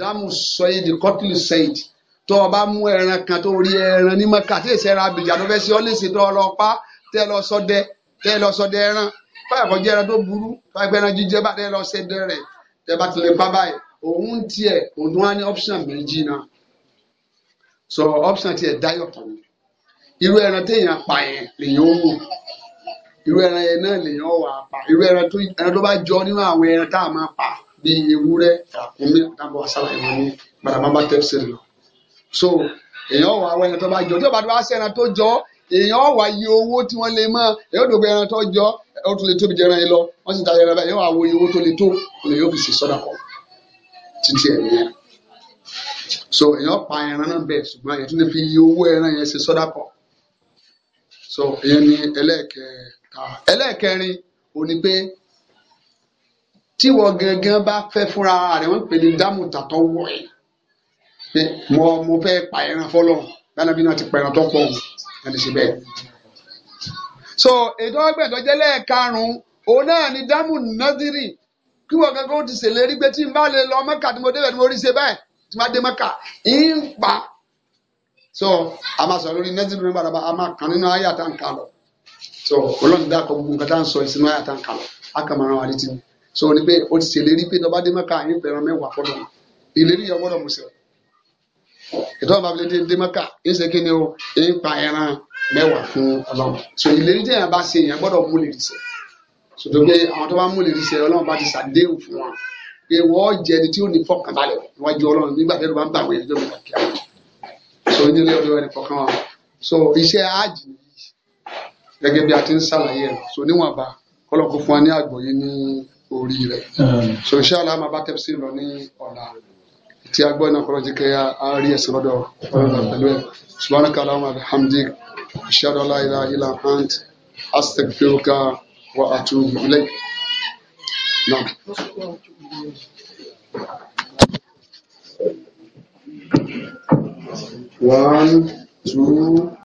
dámù sọyìdì kọ́tìlì sẹ́yìdì tó o bá mú ẹran kan tó rí ẹran ní mọ́kà tí èsì ẹran abìjà tó fẹ́ ṣe ọ́ lè ṣe tó ọ lọ pa á tẹ́ lọ sọdẹ tẹ́ lọ sọdẹ ẹran báyà kọjá ẹran tó burú báyà pé ẹran jíjẹ bá tẹ́ lọ sẹdẹ rẹ tẹ́ bá ti lè báyìí òun tiẹ̀ òun wá ní option méjì náà so option tiẹ̀ dáyọ̀ tán irú ẹran téèyàn pa yẹn lèyàn ó mú irú ẹran yẹn náà lèyàn wà á pa irú ẹran tó ẹran tó bá jọ nínú àwọn ẹran tá a máa pa bíi ewúrẹ́ ràkúnmí àtàbọ àṣàlàyé wọn ní gbàdámà bá tẹpsì lọ so èyàn wà àwọn ẹran tó bá jọ tí ó bá tó bá ṣe ẹran tó jọ èèyàn wá yí owó tí wọ́n lè mọ́ èèyàn dògbé ẹran tó jọ ó tún lè tóbi jẹran yìí lọ wọ́n sì ta ẹran báyìí yóò wá wo owó tó lè tó lè yóò fi ṣe sọ́dà kọ́ títí ẹ̀ nìyẹn so èèyàn pa ẹran náà bẹ́ẹ̀ ṣùgbọ́n èèyàn tún lè fi yí owó ẹran yẹn ṣe sọ́dà kọ́ so ìyẹn ni ẹlẹ́ẹ̀kẹta ẹlẹ́ẹ̀kẹrin ò ní pé tí wọ́n gangan bá fẹ́ fúnra rẹ̀ wọ́n pè ní dáàmú tàtọ́ wọ̀ ẹ́ mo mo fẹ́ pa ẹran fọlọ́ bánabi náà ti pa ẹran tó pọ̀ wọ́n wọ́n ti bẹ́ẹ̀. so ètò ọgbẹ́ tó jẹ́ lẹ́ẹ̀karùn-ún òun náà ni dámù nọ́dírì kí wọ́n kankan ó ti ṣèlérí pé tí n bá lè lọ mẹ́kà tí mo débẹ̀ tí mo rí ṣe bẹ́ẹ̀ tí mo dé mẹ́kà ń pa. so a máa sọ̀rọ̀ lórí nọ́dírì nígbà tó a máa kàn nínú ayé àtàǹkà lọ. so olóńgbà kọ gbogbo nǹkan tá à ń sọ ìsinmi ayé àtàǹkà lọ a kàn máa rán wa létí so ní pé ó ti ṣèlérí pé tó bá dé mẹ́kà ń fẹ́ràn mẹ́wàá fọ́dọ̀ ìlérí yẹn gbọ́dọ̀ mú sí ìtọ́wọ́n bá fi lè dé dé ń ṣe kíni o ń pa ẹran mẹ́wàá fún ọlọ́run so ìlérí tí èèyàn bá ṣe èèyàn gbọ́dọ̀ mú lè rí sẹ́ sọtò pé àwọn tó bá mú lè rí sẹ́ ọlọ́run bá ti ṣàdéhùn fún wọn pé wọ́n jẹ ẹni tí ó ní fọkànbalẹ̀ níwájú ọlọ́run nígbà tí ẹni bá ń bà wọ́n ẹjọ́ mi kàkíá so nílé ọdọ ẹni fọkàn wọn so iṣẹ́ ájì gẹ́gẹ́ bí a ti ń ṣàlàyé rẹ̀ so níwọ̀nba kọ́lọ́kù fún wa ní àgbọ́yé ní orí rẹ̀ so iṣẹ́ tí a gbọ́ iná kọ́lọ́ jẹ́ kí a rí ẹ̀sìn lọ́dọ̀ ọ̀rọ̀ pẹ̀lú ẹ̀ subhanaka allahumma wa bihamdik ashhadu an la ilaha illa ant astaghfiruka wa atubu ilayk. One, two.